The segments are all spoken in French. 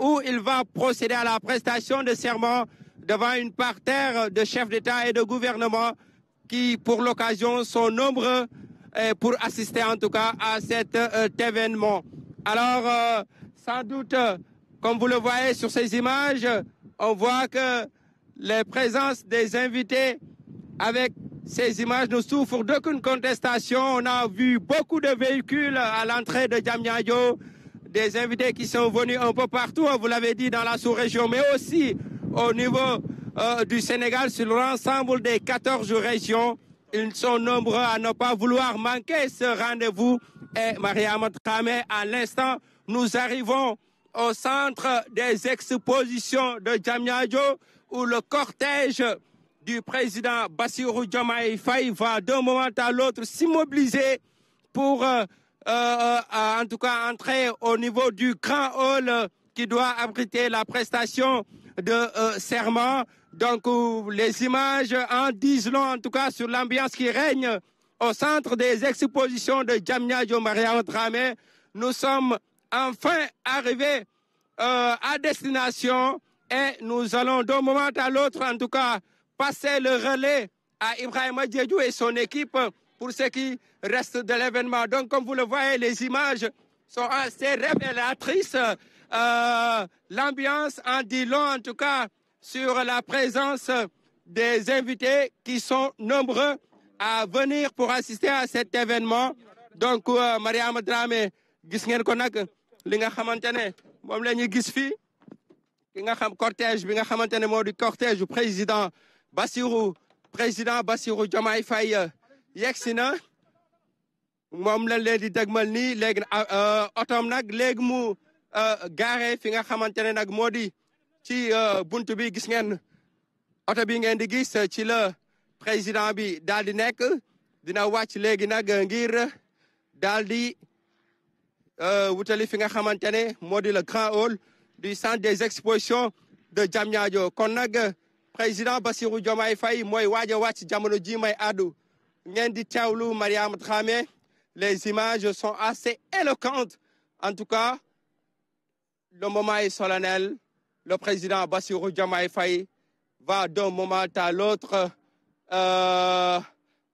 où il va procéder à la prestation de serment devant une parterre de chefs d'État et de gouvernement qui, pour l'occasion, sont nombreux eh, pour assister en tout cas à cet euh, événement. Alors, euh, sans doute, comme vous le voyez sur ces images, on voit que les présences des invités avec ces images ne souffrent d'aucune contestation. On a vu beaucoup de véhicules à l'entrée de Djamnyadjo des invités qui sont venus un peu partout, hein, vous l'avez dit, dans la sous-région, mais aussi au niveau euh, du Sénégal, sur l'ensemble des 14 régions. Ils sont nombreux à ne pas vouloir manquer ce rendez-vous. Et Maria Tramé, à l'instant, nous arrivons au centre des expositions de Djamiajo, où le cortège du président Bassirou Diomaye Faye va d'un moment à l'autre s'immobiliser pour euh, euh, euh, euh, en tout cas entrer au niveau du grand hall qui doit abriter la prestation de serment. Donc les images en disent long en tout cas sur l'ambiance qui règne au centre des expositions de Djamnia Jomaria Dramé. Nous sommes enfin arrivés à destination et nous allons d'un moment à l'autre, en tout cas, passer le relais à Ibrahim Djedjou et son équipe pour ce qui reste de l'événement. Donc, comme vous le voyez, les images sont assez révélatrices. Euh, l'ambiance en dit long, en tout cas, sur la présence des invités qui sont nombreux à venir pour assister à cet événement. Donc, Maria euh, Mariam Dramé, Gisner Linga ko Momleni li nga xamante ne cortège, cortège bi nga cortège président Bassirou président Bassirou Jamaï Faye Yexina. moom la leen di dëgmal nii léegi ah, ah, otoom nag léegi mu ah, gaare fi nga xamante ne nag moo di ci bunt bi gis ngeen oto bi ngeen di gis ci la président bi daal di nekk dina wàcc léegi nag ngir daal di wutali fi nga xamante ne moo di le grand hall du centre des expositions de Diamniadio kon nag président Bassirou Diomaye fay mooy waaj a wàcc jamono ji may addu ngeen di teewlu Mariama Dramé Les images sont assez éloquentes. En tout cas, le moment est solennel. Le président Bassirou Diomaye va d'un moment à l'autre euh,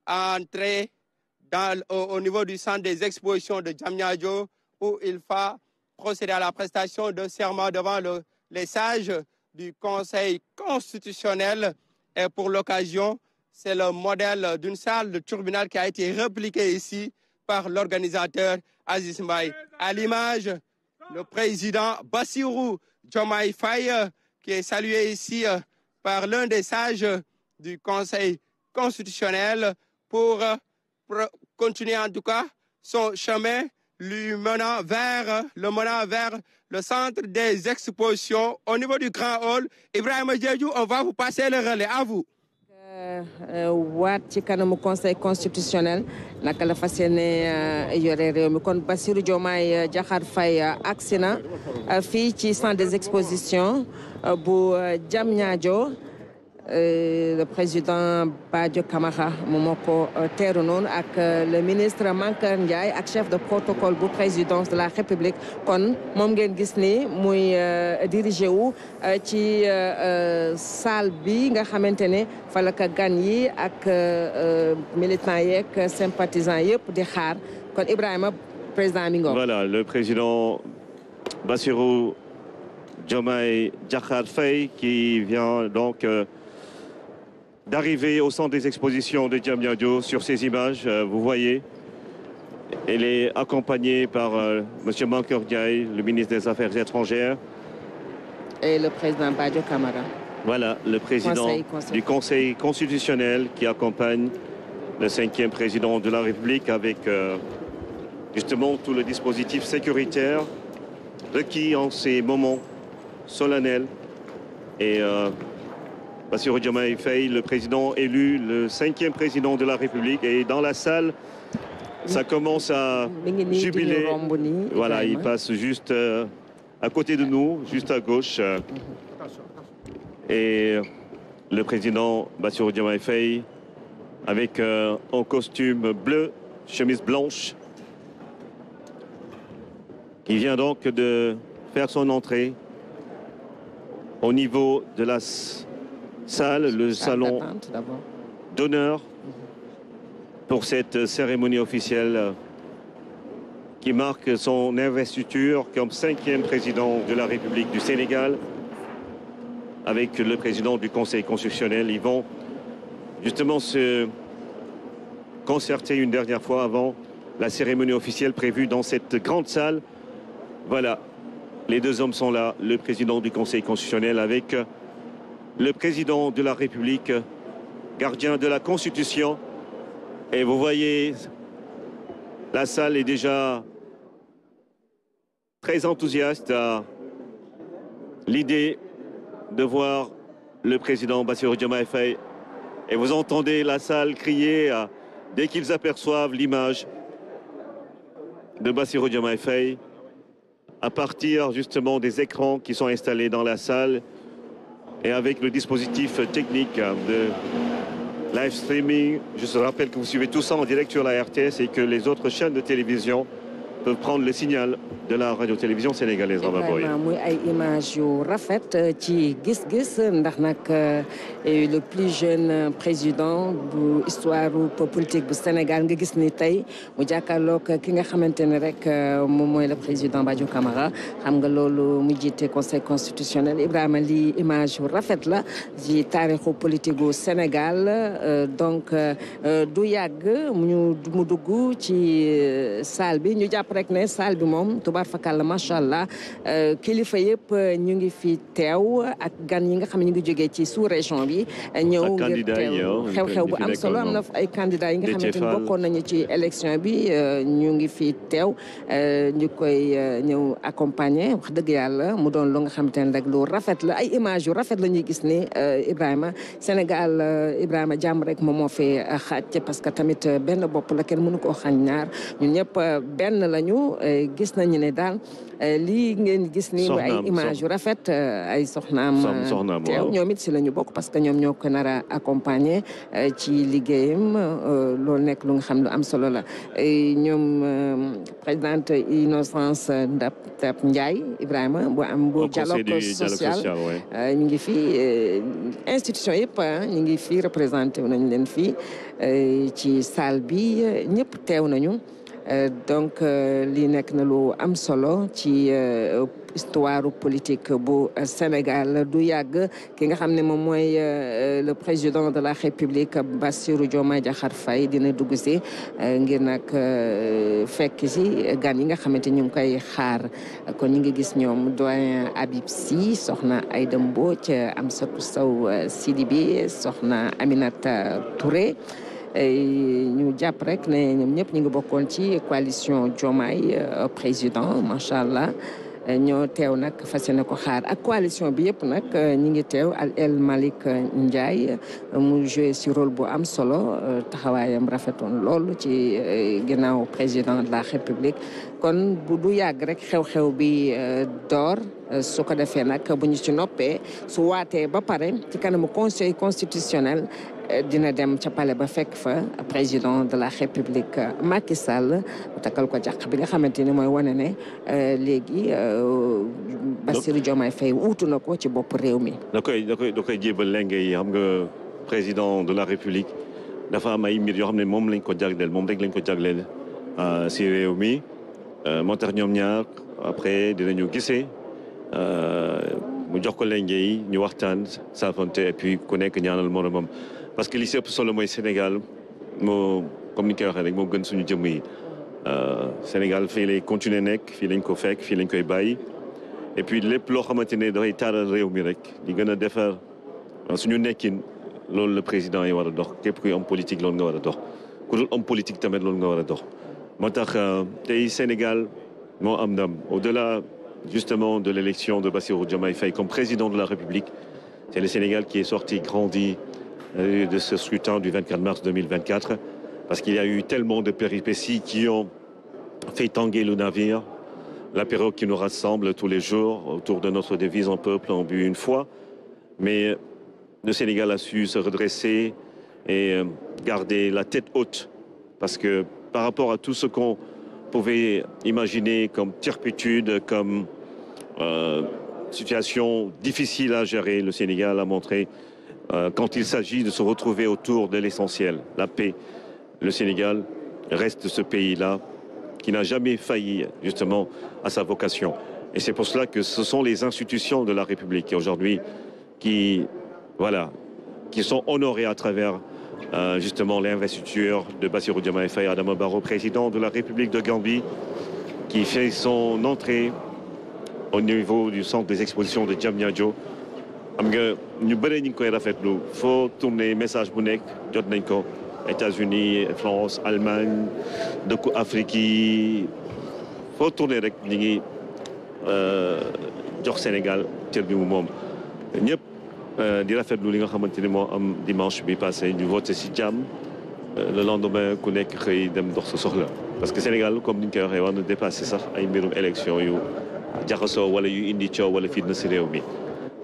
entrer au, niveau du centre des expositions de Djamnyadjo où il va procéder à la prestation de serment devant le, les sages du Conseil constitutionnel. Et pour l'occasion, c'est le modèle d'une salle de tribunal qui a été répliqué ici par l'organisateur Aziz Mbaye. À l'image, le président Bassirou Jomai Faye, qui est salué ici euh, par l'un des sages du Conseil constitutionnel pour, euh, continuer en tout cas son chemin lui vers euh, le menant vers le centre des expositions au niveau du Grand Hall. Ibrahim Djedjou, on va vous passer le relais. À vous. Euh, euh, waat ci kanamu conseil constitutionnel nakala la fas yéene euh, yore kon Bassirou Diomaye Diakhar fay agsi fi ci centre des expositions bu Diamniadio euh, le président Badio Kamara Momoko moo euh, ko euh, le ministre Mankar Ndiaye ak chef de protocole du présidence de la république kon moom ngeen gis ni muy dirigé wu ci salle bi nga xamantene ne fala ka gan yi ak sympathisants yëpp di xaar kon Ibrahima président mi voilà le président Bassirou Diomaye Djakhar Faye qui vient donc d'arriver au centre des expositions de Diamniadio. Sur ces images, euh, vous voyez, elle est accompagnée par euh, Monsieur M. Mankeur le ministre des Affaires étrangères. Et le président Badio Camara. Voilà, le président du Conseil constitutionnel qui accompagne le cinquième président de la République avec euh, justement tout le dispositif sécuritaire requis en ces moments solennels et Bassirou Diomaye le président élu, le cinquième président de la République. Et dans la salle, ça commence à jubiler. Voilà, il passe juste euh, à côté de nous, juste à gauche. Et le président Bassirou Diomaye avec euh, un costume bleu, chemise blanche, qui vient donc de faire son entrée au niveau de la salle, le salon d'honneur pour cette cérémonie officielle qui marque son investiture comme cinquième président de la République du Sénégal avec le président du Conseil constitutionnel. Ils vont justement se concerter une dernière fois avant la cérémonie officielle prévue dans cette grande salle. Voilà, les deux hommes sont là, le président du Conseil constitutionnel avec le président de la République, gardien de la Constitution. Et vous voyez, la salle est déjà très enthousiaste à l'idée de voir le président Bassirou Diomaye Faye. Et vous entendez la salle crier dès qu'ils aperçoivent l'image de Bassirou Diomaye Faye à partir justement des écrans qui sont installés dans la salle et avec le dispositif technique de live streaming. Je vous rappelle que vous suivez tout ça en direct sur la RTS et que les autres chaînes de télévision peuvent prendre les signal de la radio-télévision sénégalaise en muy ay image yu rafet euh, ci gis-gis ndax euh, le plus jeune euh, président de l'histoire politique du Sénégal nga gis ni tey mu jàkkaarloog ki nga xamante rek moom moy le président Badio Camara xam nga lolu mu jiite conseil constitutionnel Ibrahima lii image yu rafet la di taarixu politique au Sénégal donc du yag mu dugg ci salle bi ñu japp rek ne salle bi moom tubaar fakàlla macha allah euh, kilifa yëpp euh, ñu ngi fi teew ak gan yi nga xam ne ñu ngi jógee ci sous région bi. ñëw xew-xew bu am solo am na ay candidats yi nga xamante ni bokkoon nañu ci élection bi euh, ñu ngi fi teew ñu koy ñëw accompagner wax dëgg yàlla mu doon lu nga xamante ne rek lu rafet la ay image yu rafet la ñuy gis ni Ibrahima Sénégal Ibrahima jàmm rek moom moo fi xaaj parce que tamit benn bopp la kenn mënu koo xañ ñaar ñun ñëpp benn lañ nañu eh, gis nañu ne daal eh, li ngeen gis nii ay image yu rafet eh, ay soxnaam teew ñoom it si la ñu bokk parce que ñoom ñoo ko nar a accompagner ci liggéeyam loolu nekk lu nga xam lu am solo la ñoom présidente Innocence Ndap Tap Ndiaye Ibrahima bu am bu dialogue social ñu ngi fi institution yëpp ah, ñu ngi fi représenté nañ leen fii ci salle bi ñëpp teew nañu euh, donc euh, lii nekk na lu am solo ci euh, histoire politique bu Sénégal du yag ki nga xamné mom moy le président de la République Bassirou Diomaye Diakhar Faye dina dugg ci ngir nak fekk ci gan yi nga xamante ñu koy xaar kon ñi ngi gis ñom doyen Habib Sy soxna Aïda Mbodj Amsatou Sow Sidibé soxna Aminata Touré ñu jàpp rek ne ñoom ñëpp ñu ngi bokkoon ci coalition Diomaye euh, président macha allah ñoo teew nag fas yéene ko xaar ak coalition bi yëpp nag euh, ñi ngi teew al El Malick Ndiaye euh, mu joué si rôle bu am solo taxawaayam rafetoon lool ci ginnaaw président de la république kon bu du yàgg rek xew-xew bi dor su ko defee nag bu ñu ci noppé su waté ba paré ci kanamu conseil constitutionnel eh, dina dem ca pale ba fekk fa président de la république eh, Macky Sall takkal ko jax bi nga xamanteni moy mooy wane ne eh, léegi Bassirou Diomaye Faye wuutu ko ci bop réew mi. da koy da koy da yi xam nga président de la république dafa am ay mbir yoo xam ne lañ ko mom rek lañ ko si réew mi euh après dinañu euh mu jox ko lengue yi ñu waxtaan saafonte et puis ku nekk ñaanal moromam parce que li si le solo Sénégal mon comme ni koy waxee rek moo gën suñu yi euh, Sénégal fait les continuer nekk fii lañ ko fekk fii lañ koy et puis lépp loo xamante ne dafay taaral réew mi rek di gën a defar euh, suñu nekkin loolu la président yi war a dox képp kuy homme politique loolu nga war a dox ku dul homme politique tamit loolu nga war a dox moo tax euh, Sénégal mon am au-delà justement de l'élection de Bassirou Diomaye Faye comme président de la République c'est le Sénégal qui est sorti grandi de ce scrutin du 24 mars 2024, parce qu'il y a eu tellement de péripéties qui ont fait tanguer le navire, la période qui nous rassemble tous les jours autour de notre devise en peuple, en but une fois. Mais le Sénégal a su se redresser et euh, garder la tête haute, parce que par rapport à tout ce qu'on pouvait imaginer comme turpitude, comme euh, situation difficile à gérer, le Sénégal a montré euh, quand il s'agit de se retrouver autour de l'essentiel, la paix. Le Sénégal reste ce pays-là qui n'a jamais failli justement à sa vocation. Et c'est pour cela que ce sont les institutions de la République aujourd'hui qui, voilà, qui sont honorées à travers euh, justement l'investiture de Bassirou Diomaye Faye Adama barro président de la République de Gambie, qui fait son entrée au niveau du centre des expositions de Djamniadjo xam nga ñu bëree ñu ngi koy rafetlu foo tourner message bu nekk jot nañ ko États-Unis France Allemagne dëkku Afrique yi foo tourner rek ñi ngi euh, jox Sénégal cër bi mu moom ñëpp euh, di rafetlu li nga xamante ni moo am dimanche bi passé ñu voté ci jàmm euh, le lendemain ku nekk xëy dem dox sa soxla parce que Sénégal comme ni ñu koy waxee war na dépassé sax ay mbirum élection yu jaxasoo wala yu indi coow wala fitna ci réew mi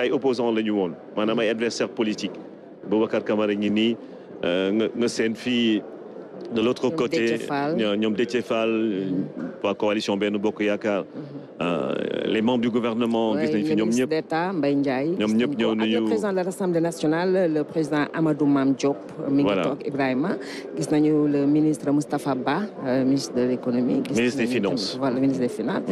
ay opposants lañu ñu woon maanaam ay adversaire politique Boubacar Camara ñi nii euh, nga seen fii de l'autre côté, ñoom Déthié Fall la coalition Benno Bokk Yaakaar mhm. euh, les membres du gouvernement gis nañ fi d'État le président de l'Assemblée nationale le président Amadou Mame Diop mi ngi Ibrahima gis nañu le ministre Moustapha Ba euh, ministre de l'économie ministre des finances voilà ministre des finances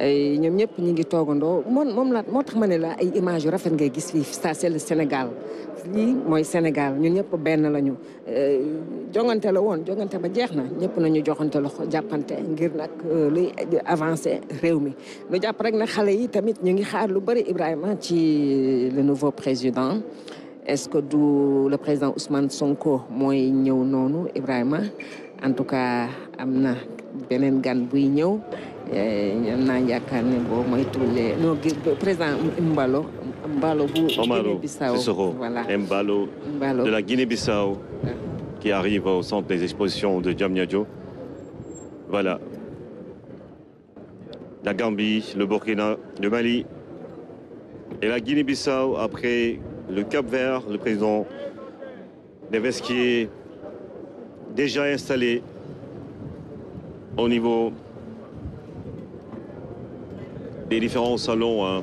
ñoom ñëpp ñi ngi toogandoo moom la moo la ay images yu rafet ngay gis fii ça c'est le Sénégal lii moy Sénégal ñun ñëpp benn lañu euh jongante la woon jongante ba jeexna na ñëpp nañu joxante loxo jàppante ngir nag euh, luy avancer réew mi lu jàpp rek na xalé yi tamit ñu ngi xaar lu bari Ibrahima ci euh, le nouveau président est-ce que du le président Ousmane Sonko moy ñëw noonu Ibrahima en tout cas amna benen gan buy ñëw euh, am naa yaakaar ne boo moytuwulee non président Mbalo Mbalo, de la Guinée-Bissau ah. qui arrive au centre des expositions de Djamniadjo. Voilà. La Gambie, le Burkina, le Mali et la Guinée-Bissau après le Cap Vert, le président est déjà installé au niveau des différents salons. Hein.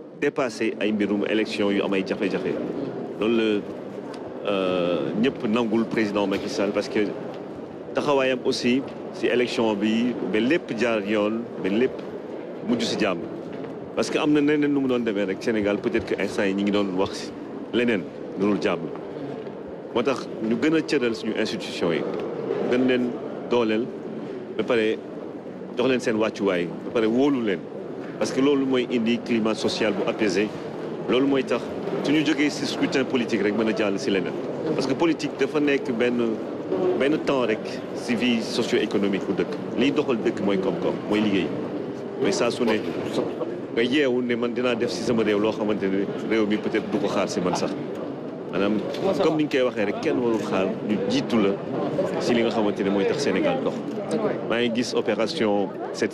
dépassé ay mbirum élection yu am ay jafé lolou le euh ñëpp nangul président Macky Sall parce que taxawayam aussi ci élection bi be lépp jaar yoon be lépp mujj ci jamm parce que amna na leneen nu mu doon demee rek Sénégal peut-être que instant yi ñi ngi doon wax leneen lunul jàmm motax ñu gëna a suñu institution yi gën leen dolel ba paré dox leen seen wàccuwaay ba paré wóolu leen parce que qui moy indi climat social bu apaisé lolu moy tax scrutin politique rek mëna jall parce que politique dafa nek ben temps rek vie socio-économique bu dëkk doxal dëkk moy mais ça. ba man def sama peut-être du ko xaar vous man sax un comme niñ koy waxé rek kenn tout xaar ñu la si li nga xamanteni Sénégal opération cette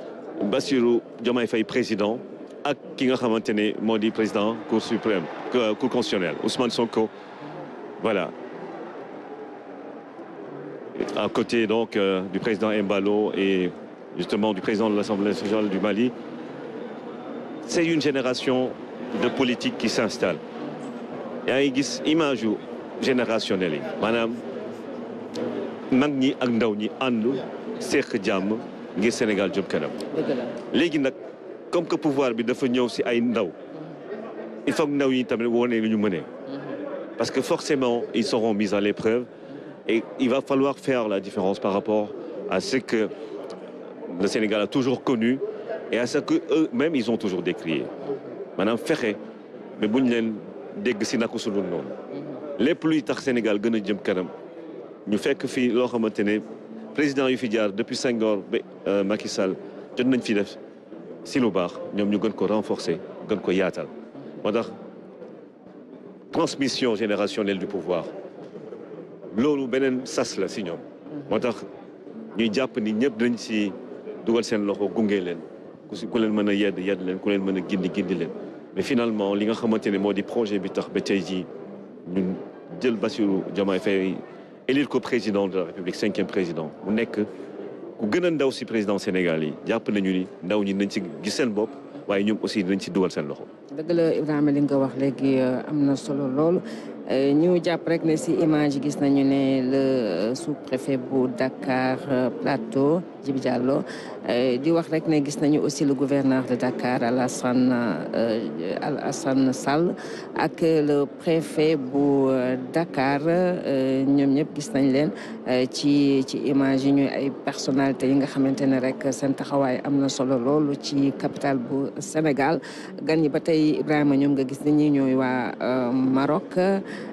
Bassirou Diomaye Faye président ak ki nga président cour suprême euh, cour constitutionnelle Ousmane Sonko voilà à côté donc euh, du président Mbalo et justement du président de l'Assemblée nationale du Mali c'est une génération de politiques qui s'installe y a une image générationnelle madame, le Sénégal jëm kanam léegi nag comme que pouvoir bi dafa aussi, si ay ndaw il faut que ndaw yi tamit wone mm-hmm. parce que forcément ils seront mis à l'épreuve et il va falloir faire la différence par rapport à ce que le Sénégal a toujours connu et à ce que eux-mêmes ils ont toujours décrié maanaam fexe mais vous ñu leen dégg si naka sulul noonu mm-hmm. luy tax Sénégal gën a jëm Nous ñu fekk président yu fi depuis Senghor ba euh, Macky Sall jot nañ fi def si lu baax ñom ñu gën ko renforcer gën ko yaatal motax transmission générationnelle du pouvoir lolu benen sas la si ñom motax ñuy japp ni ñepp dañ ci duggal seen loxo gungé len ku si ku leen mën yedd yedd len ku leen mën a gindi gindi leen mais finalement li nga xamante modi projet bi tax ba tay ji ñun jël basiru Diomaye Faye élire le président de la république cinquième président On est que, président sénégalais, nañu ni ndaw ñi nañ aussi euh, ñu jàpp rek ne si image gis nañu ne le euh, sous-préfet bu Dakar euh, Plateau Djibi Diallo di wax rek ne gis nañu aussi le gouverneur de Dakar Alassane Alassane Sall ak le préfet bu Dakar ñoom ñëpp gis nañ leen ci ci image yi ñuy ay personnalité yi nga xamante ne rek seen taxawaay am na solo loolu ci capitale bu Sénégal gan ñi ba tey Ibrahima ñoom nga gis nañu ñooy waa Maroc.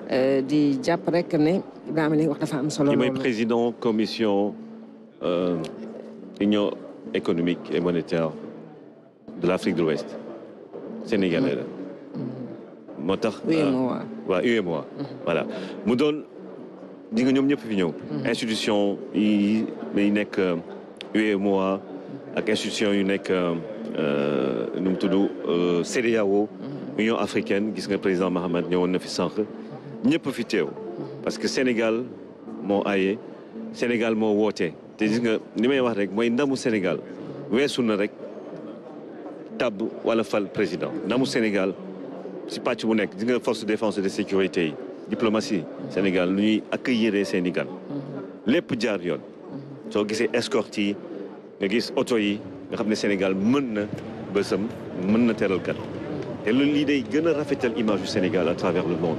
Euh, di japp rek ne dama li wax dafa am solo. président commission euh, union économique et monétaire de l'Afrique de l'Ouest sénégalais Moi, mm-hmm. moo tax UEMOA euh, mm-hmm. voilà mu doon di nga ñom ñëpp fi ñëw. Mm-hmm. institution yi yi nekk UEMOA ak institution yu euh nu tudu euh CEDEAO. Union africaine qui gis nga président Mohamed ñëwoon na ñepp fi teew parce que Sénégal mo ayé Sénégal mo woté té gis nga li may wax rek moy ndamu Sénégal weesu na rek tab wala fal président ndamu Sénégal ci pàcc bu nek gis nga force de défense et de sécurité diplomatie Sénégal ñuy accueillir Sénégal lépp jaar yoon so gisee escorte yi nga gis auto yi nga xam Sénégal mën na bësam mën na téral kat té loolu li day gëna rafetal image du Sénégal à travers le monde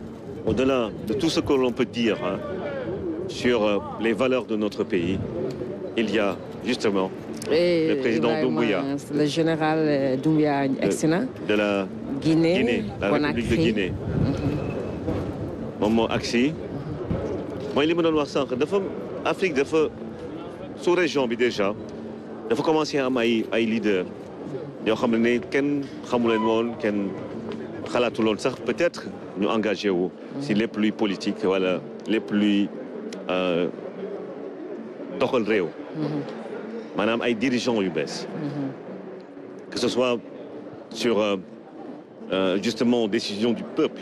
au-delà de tout ce que l'on peut dire hein, sur euh, les valeurs de notre pays, il y a justement le président Doumbouya. Le général euh, Doumbouya excellent. Euh, de, la Guinée, la République de Guinée. Maman Axi. Moi, mooy li ma doon wax sànq sous région déjà il à commencer à a leaders yoo xam ne kenn xamu leen qui peut-être nous engager, où si plus politiques, politiques voilà Madame plus euh, dirigeant réew madame dirigeants que ce soit sur euh, euh, justement décision du peuple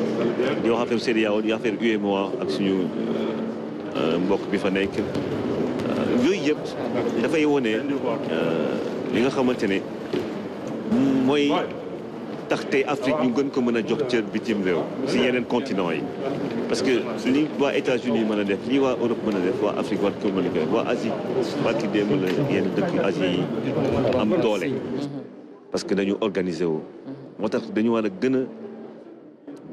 ñoo xam a ak suñu euh, euh, mbokk bi fa nekk euh, yooyu yëpp dafay wone li nga xamante ne mooy Afrique ñu gën ko mën a jox cër bitim réew si continent parce que li États-Unis mën def li waa Europe mën def waa Afrique war ko mën Asie parce que dañu organiser wu moo dañu war a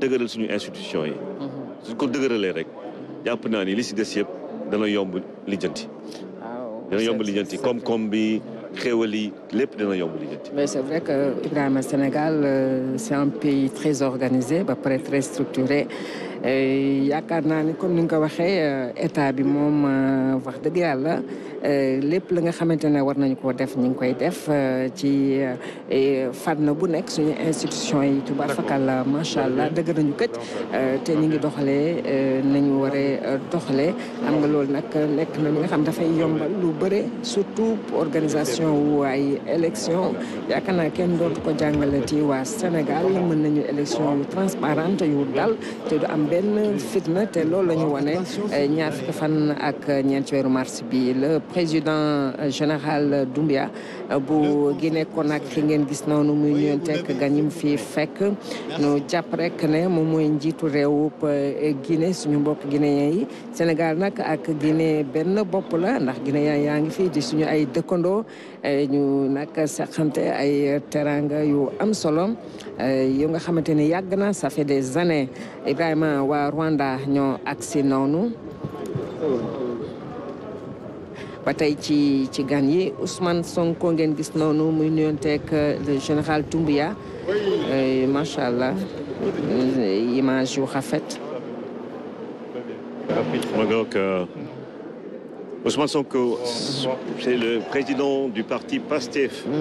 dëgëral suñu institution yi. suñ ko dëgëralee rek jàpp naa ni li si des yëpp dana yomb lijjanti. dana yomb lijjanti comme comme bi xéewal yi lépp dana yomb lijjanti. mais c'est vrai que Ibrahima Sénégal euh, c'est un pays très organisé ba pare très structuré. Eh, yaakaar naa ni comme ni nga ko waxee eh, état bi moom eh, wax dëgg yàlla lépp la nga xamante ne war nañu koo def ñu ngi koy def ci fan na bu nekk suñu institution yi tubaab fakal macha allah dëgg nañu këj te ñu ngi doxalee nañu waree doxalee xam nga loolu nag nekk na li nga xam dafay yombal lu bëre surtout organisation wu ay élection yaakaar naa kenn dootu ko jàngale ci waa Sénégal mën nañu élection yu yu dal te du am benn fitna te loolu la ñu wane eh, ñaar fukki fan ak ñeent weeru mars bi la président eh, général dumbiya bu nag Conakry ngeen gis noonu muy ñuenteeg gañim fi fekk ñu jàpp rek ne moom mooy njiitu réewub eh, Guinée suñu mbokk guinéen yi Sénégal nag ak Guinée benn bopp la ndax guinéen yaa ngi fi di suñu ay dëkkandoo eh, ñu nag saxante ay teraanga yu am solo eh, yu nga xamante ni yàgg na ça fait des années Ibrahima waa Rwanda ñoo ak agsi noonu Bataille qui ci ci Ousmane Sonko ngeen gis euh, le général Doumbouya euh, macha Machallah, image au rafet. Ousmane Sonko, c'est le président du parti PASTEF. Mhm.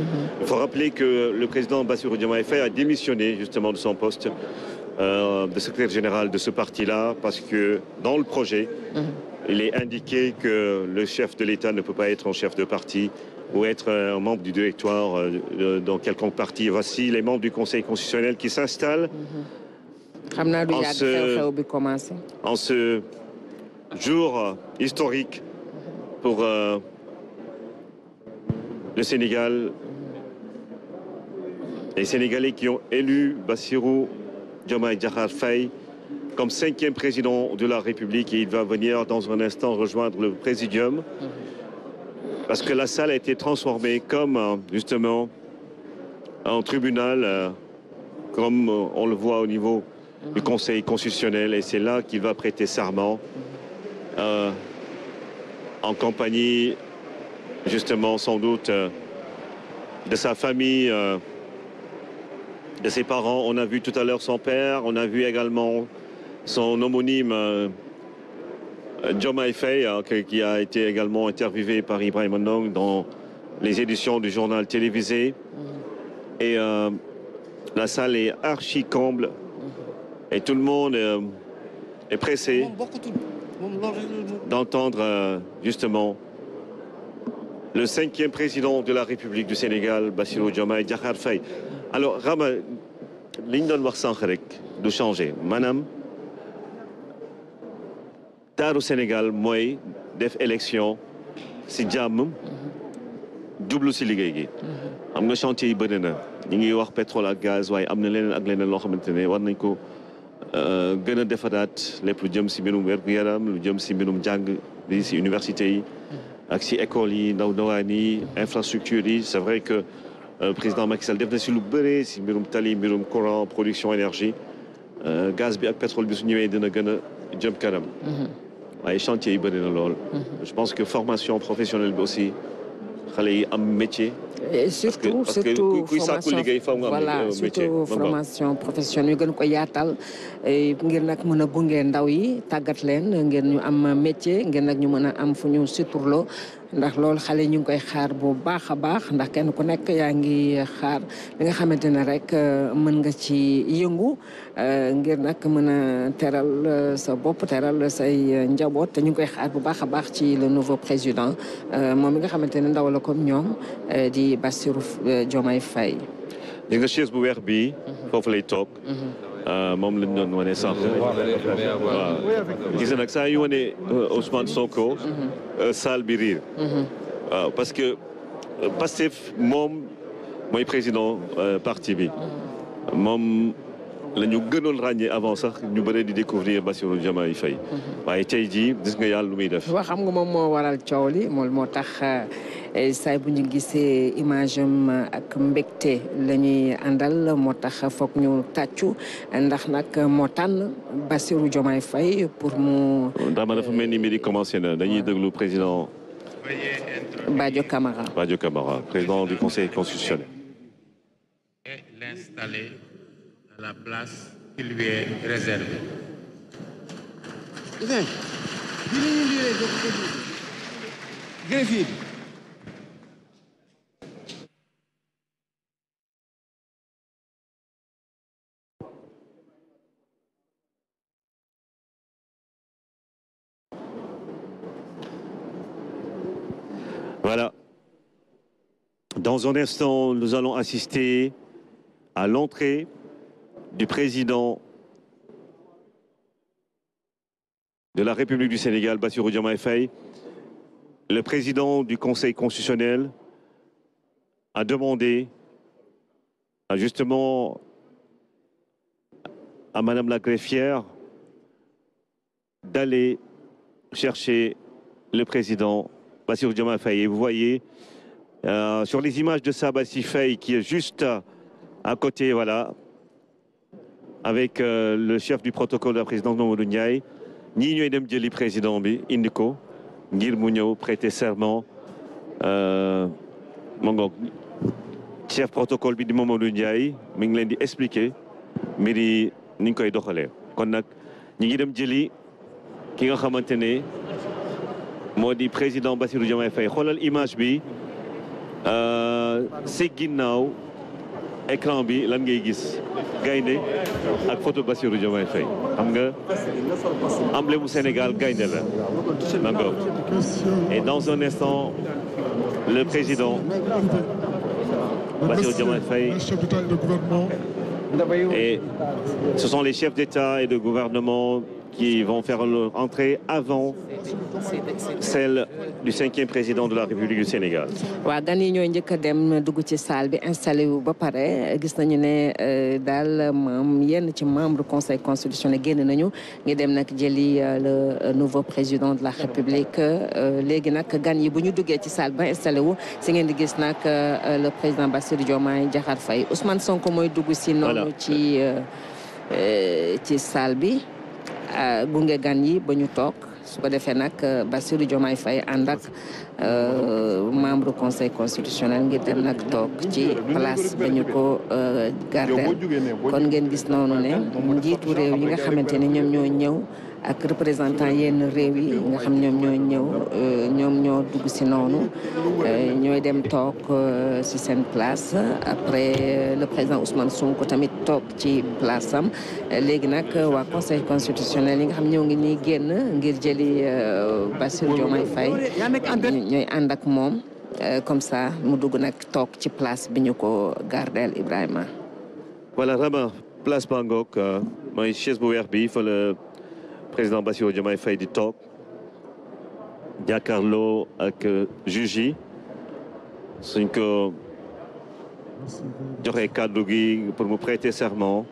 Il faut rappeler que le président Bassirou Diomaye Faye a démissionné justement de son poste euh, de secrétaire général de ce parti-là parce que dans le projet, mhm. Il est indiqué que le chef de l'État ne peut pas être un chef de parti ou être euh, un membre du directoire euh, dans quelconque parti. Voici les membres du Conseil constitutionnel qui s'installent. en, ce, jour historique pour euh, le Sénégal, les Sénégalais qui ont élu Bassirou Diomaye Djahar Faye comme cinquième président de la République et il va venir dans un instant rejoindre le présidium. Parce que la salle a été transformée comme justement un tribunal, euh, comme euh, on le voit au niveau du Conseil constitutionnel. Et c'est là qu'il va prêter serment euh, en compagnie justement sans doute de sa famille, de ses parents. On a vu tout à l'heure son père, on a vu également son homonyme euh, Jomai Fay, hein, qui a été également interviewé par Ibrahim Anong dans les éditions du journal télévisé. Mm-hmm. Et euh, la salle est archi comble mm-hmm. et tout le monde euh, est pressé d'entendre justement le cinquième président de la République du Sénégal, Bassirou Jomai, Diakhar Faye. Alors, Rama, l'indon de changer. Madame, taaru Sénégal moy def élection si jàmm double si liggéey gi am nga chantier yi bëri na ñu ngi wax pétrole ak gaz way am na leneen ak leneen lo xamantene war nañ ko euh, gëna a defaraat lépp lu jëm si mbirum wér-gu-yaram lu jëm si mbirum jàng bi si université yi ak si école yi ndaw ndawaan yi infrastructure yi c'est vrai que euh, président Macky Sall def na si lu bëree si mbirum tali mbirum courant production énergie euh, gaz bi ak pétrole bi su ñëwee dina gën a jëm kanam mhm waaye chantier yi bëri na je pense que formation professionnelle aussi xale yi am métier. Et surtout parce que, parce surtout que, formation kuy sàkku liggéey faw nga am. métier voilà euh, surtout formation professionnelle gën ko yaatal. Eh, ngir nak mën a ndaw yi tagat len ngir ñu am métier ngir nak ñu mën am fuñu sitourlo ndax lool xalé ñu ngi koy xaar bu baaxa baax ndax kenn ku nekk yaa ngi xaar li nga xamantene rek eh, mën nga ci yëngu eh, ngir nak mën téral sa bopp téral say njabot te ñu ngi koy xaar bu baaxa baax ci le nouveau président moom mi nga xamantene ne ndaw la comme ñoom di Bassirou Diomaye Faye. li nga chaise bu weex bi mhm. fofu lay tok euh, moom lañ doon wane sànq. waaw gis nag saa Osman Soko, euh, Ousmane Sonko. Mhm. Euh, saal mhm. parce que Pastef moom mooy président parti bi mhm. moom la ñu gënoon ràññee avant sax ñu bëree di découvrir Bassirou Diomaye Faye mhm. waaye tey jii gis nga yàlla lu muy def waaw xam nga moom moo waral coow li moom moo tax eh, saay bu ñu gisee image ak mbégte la ñuy àndal tax foog ñu tàccu ndax nag moo tànn Bassirou Diomaye Faye pour mu dama dafa mel ni midi commencé na dañuy déglu président Badio Camara Badio Camara président du conseil constitutionnel l'installer la place qui lui est réservée. Voilà. Dans un instant, nous allons assister à l'entrée du président de la République du Sénégal, Bassirou Diomaye Faye, le président du Conseil constitutionnel a demandé justement à Madame la greffière d'aller chercher le président Bassirou Diomaye Faye. Et vous voyez euh, sur les images de Sabassi Faye qui est juste à côté, voilà, avec euh, le chef du protocole de la présidence Mamadou Ndiaye ñii ñooy dem président Indico, indi ngir serment euh, chef protocole de di Mamadou expliqué, mais ngi di expliquer ni koy kon président Bassirou écran bi lan ngay gis gaynde ak photo Bassirou Diomaye Faye xam nga emblème mu Sénégal gaynde la et dans un instant le président Bassirou Diomaye Faye et ce sont les chefs d'État et de gouvernement qui vont faire leur avant celle du cinquième président de la République du Sénégal. waaw gan yi ñooy njëkk a dem dugg ci salle bi installé wu ba pare gis nañu ne euh, daal maam yenn ci membre conseil constitutionnel génn nañu ngi dem nag jëli euh, le euh, nouveau président de la République léegi nag gan yi bu ñu duggee ci salle ba installé wu si ngeen di gis nag le président Bassirou Diomaye Diakhar Faye Ousmane Sonko mooy dugg si non ci ci salle bi. Euh, gunge gan yi ba ñu toog su ko defee nag euh, Bassirou Diomaye fay ànd ak euh, membre conseil constitutionnel ngir dem nag toog ci place ba ñu ko gardeel kon ngeen gis noonu ne njiitu réew yi nga xamante ni ñoom ñoo ñëw ak représentant yenn réew yi nga xam ñoom ñooy ñëw euh, ñoom ñoo dugg si noonu euh, ñooy dem toog euh, si seen place après le président Ousmane Sonko tamit toog ci place am léegi nag waa conseil constitutionnel yi nga xam ñoo ngi nii génn ngir jëli Bassir Diomay Fay ñooy ànd ak moom comme ça mu dugg nag toog ci place bi ñu ko gardeel Ibrahima. voilà Rama place Bangok mooy chaise bu weex bi fa la président Bassirou Diomaye Faye du toog Giancarlo ak que euh, pour me prêter serment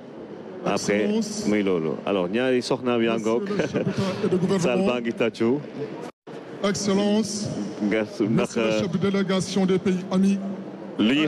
après muy alors ñaari Excellence. sal Excellence. le chef de délégation des pays amis, li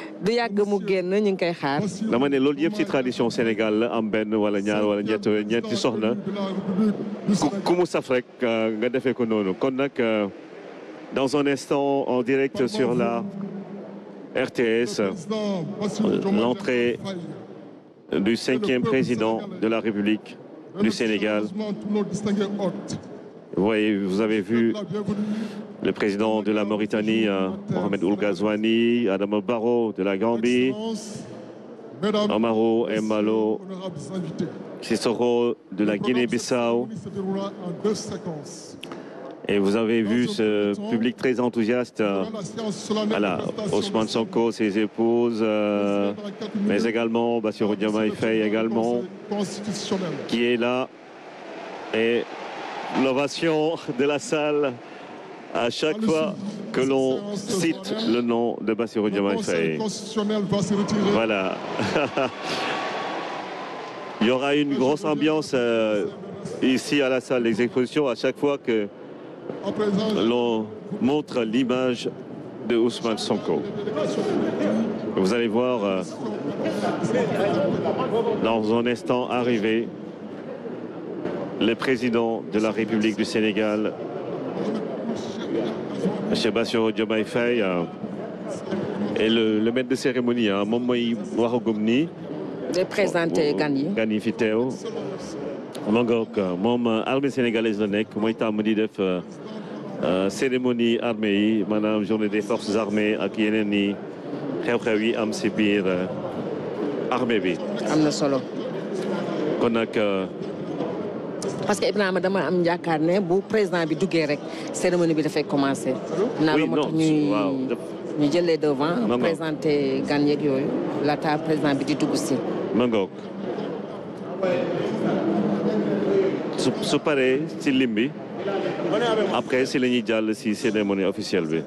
du yàgg mu génn ñu ngi xaar. dama loolu ci tradition Sénégal la am benn wala ñaar wala ñett ñetti soxna euh, ko kon euh, dans un instant en direct sur la RTS l'entrée du cinquième président de la République du Sénégal vous voyez vous avez vu le président de la Mauritanie, euh, Mohamed Oulgazouani, Adam Barro de la Gambie, Amaro Emalo, Sissoro de la Guinée-Bissau. Et vous avez vu ce public très enthousiaste. Euh, voilà, Ousmane Sonko, ses épouses, euh, mais également Bassirou Diomaye Faye également, qui est là. Et l'ovation de la salle à chaque fois que l'on cite le nom de Bassirou Diomaye Faye. Voilà. Il y aura une grosse ambiance ici à la salle des expositions à chaque fois que l'on montre l'image de Ousmane Sonko. Vous allez voir euh, dans un instant arrivé le président de la République du Sénégal, Sébastien Diomaye Faye et euh, le, maître de cérémonie hein. moom mooy waxagum nii. Gani présenter gan yi armée sénégalaise la Nek, mooy tàmm def euh, euh, cérémonie armée yi journée des forces armées à qui est xew-xew yi am armée bi. solo parce que Ibrahima dama am yaakaar bu président bi duggé rek cérémonie bi dafay commencer. naa la moo ñuy ñu jëlee devant. présenter gan yeeg la ta président bi di dugg ci Superé, su su ci limbi après ci la jall ci cérémonie officielle bi.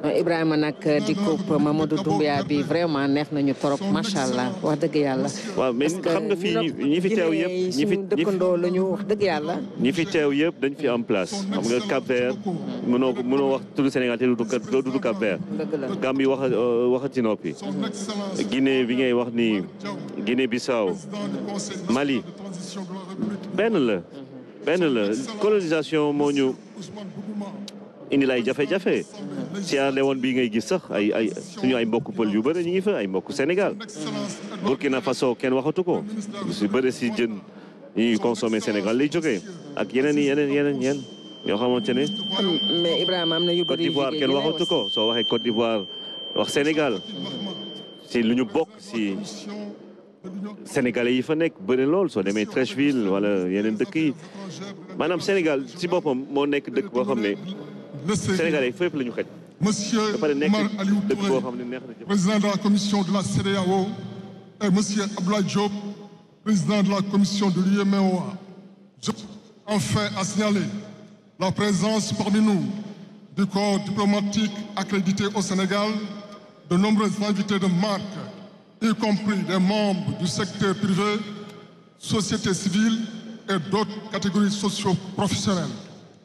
Euh, Ibrahima nag euh, di coupe Mamadou Doumbia bi vraiment neex nañu torop macha allah wax dëgg yàlla. waaw mais xam nga fii ñi fi teew yëpp ñi fi dëkkandoo la ñu wax dëgg yàlla. ñi fi teew yëpp dañ fi am place xam nga Cap Vert mënoo wax tudd Sénégal te doo tudd Cap Vert. wax la Gambie wax euh, waxati noppi. Guinée bi ngay wax ni Guinée Bissau Mali benn la. benn la colonisation moo ñu. indi lay jafe-jafe Sierra Leone bii ngay gis sax ay ay suñu ay pël yu bëri ñu ngi fa ay mbokku Sénégal Burkina façon kenn waxatu ko su bëri si jën yu consommé Sénégal lay jógee ak yeneen i yeneen yeneen yeneen yoo xamante ne. mais Ibrahima am na yu bëri Côte d'Ivoire kenn waxatu ko soo waxee Côte d'Ivoire wax Sénégal si lu ñu bokk si. Sénégalais yi fa nekk bëri lool soo demee Treichville wala yeneen dëkk yi maanaam Sénégal si boppam moo nekk dëkk boo xam ne monsieur Omar président de la commission de la CDAO, et monsieur Abdoulaye Diop président de la commission de l'UEMOA. enfin à signaler la présence parmi nous du corps diplomatique accrédité au Sénégal de nombreux invités de marque, y compris des membres du secteur privé, société civile et d'autres catégories socio-professionnelles.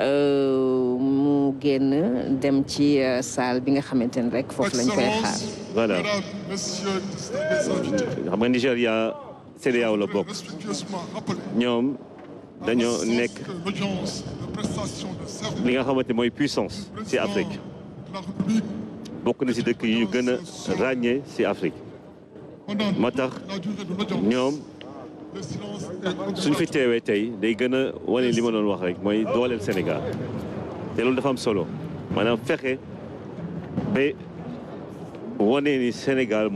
Euh, mu génn dem ci euh, salle bi nga xamante ne rek foofu lañ koy xaar. Nigéria CEDEAO la bokk ñoom dañoo nekk li nga xamante mooy puissance ci Afrique bokk na ci dëkk yu ñu gën a ràññee ci Afrique moo tax suñ fi teewee tey day gën a suis li ma wax rek Sénégal loolu dafa am solo Sénégal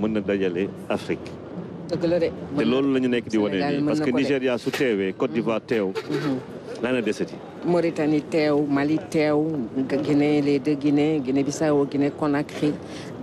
je loolu di parce que Nigeria, su teewee Côte d'Ivoire mhm. Mauritanie Mali Guinée les deux Guinée Guinée Bissau Guinée Conakry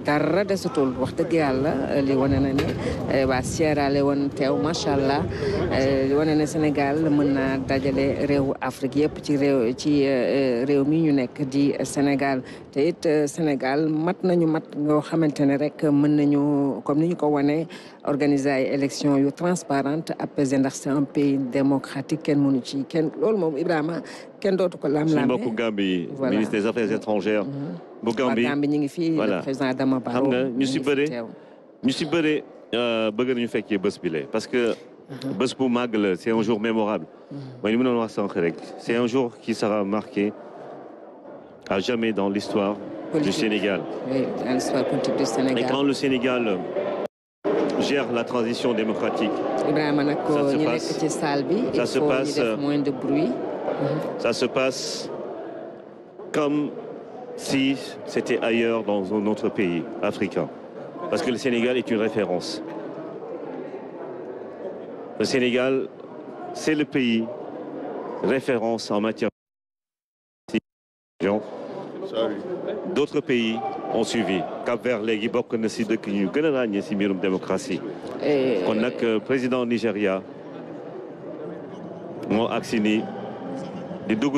dara desatul wax dëgg yalla li wane na ni eh, waa Sierra Leone tew machallah allah eh, li wane na Sénégal mën naa dajale réewu Afrique yëpp ci réew ci eh, réew mi ñu nek di Sénégal te it Sénégal mat nañu mat ngoo xamantene rek mën nañu comme ni ko woné organiser ay élection yu transparente apaisé ndax c'est un pays démocratique ken mënu ci ken lool mom Ibrahima ken dootu ko lam lam suñu mbokku Gambie ministre des affaires étrangères. Mm-hmm. Je euh, parce que uh-huh. c'est un jour mémorable uh-huh. c'est un jour qui sera marqué à jamais dans l'histoire du Sénégal et quand le Sénégal euh, gère la transition démocratique se passe ça se passe comme si c'était ailleurs dans un autre pays africain. Parce que le Sénégal est une référence. Le Sénégal, c'est le pays référence en matière d'autres pays ont suivi Cap Vert na si que a que le démocratie euh, président Nigeria, Mo Aksini, di dugg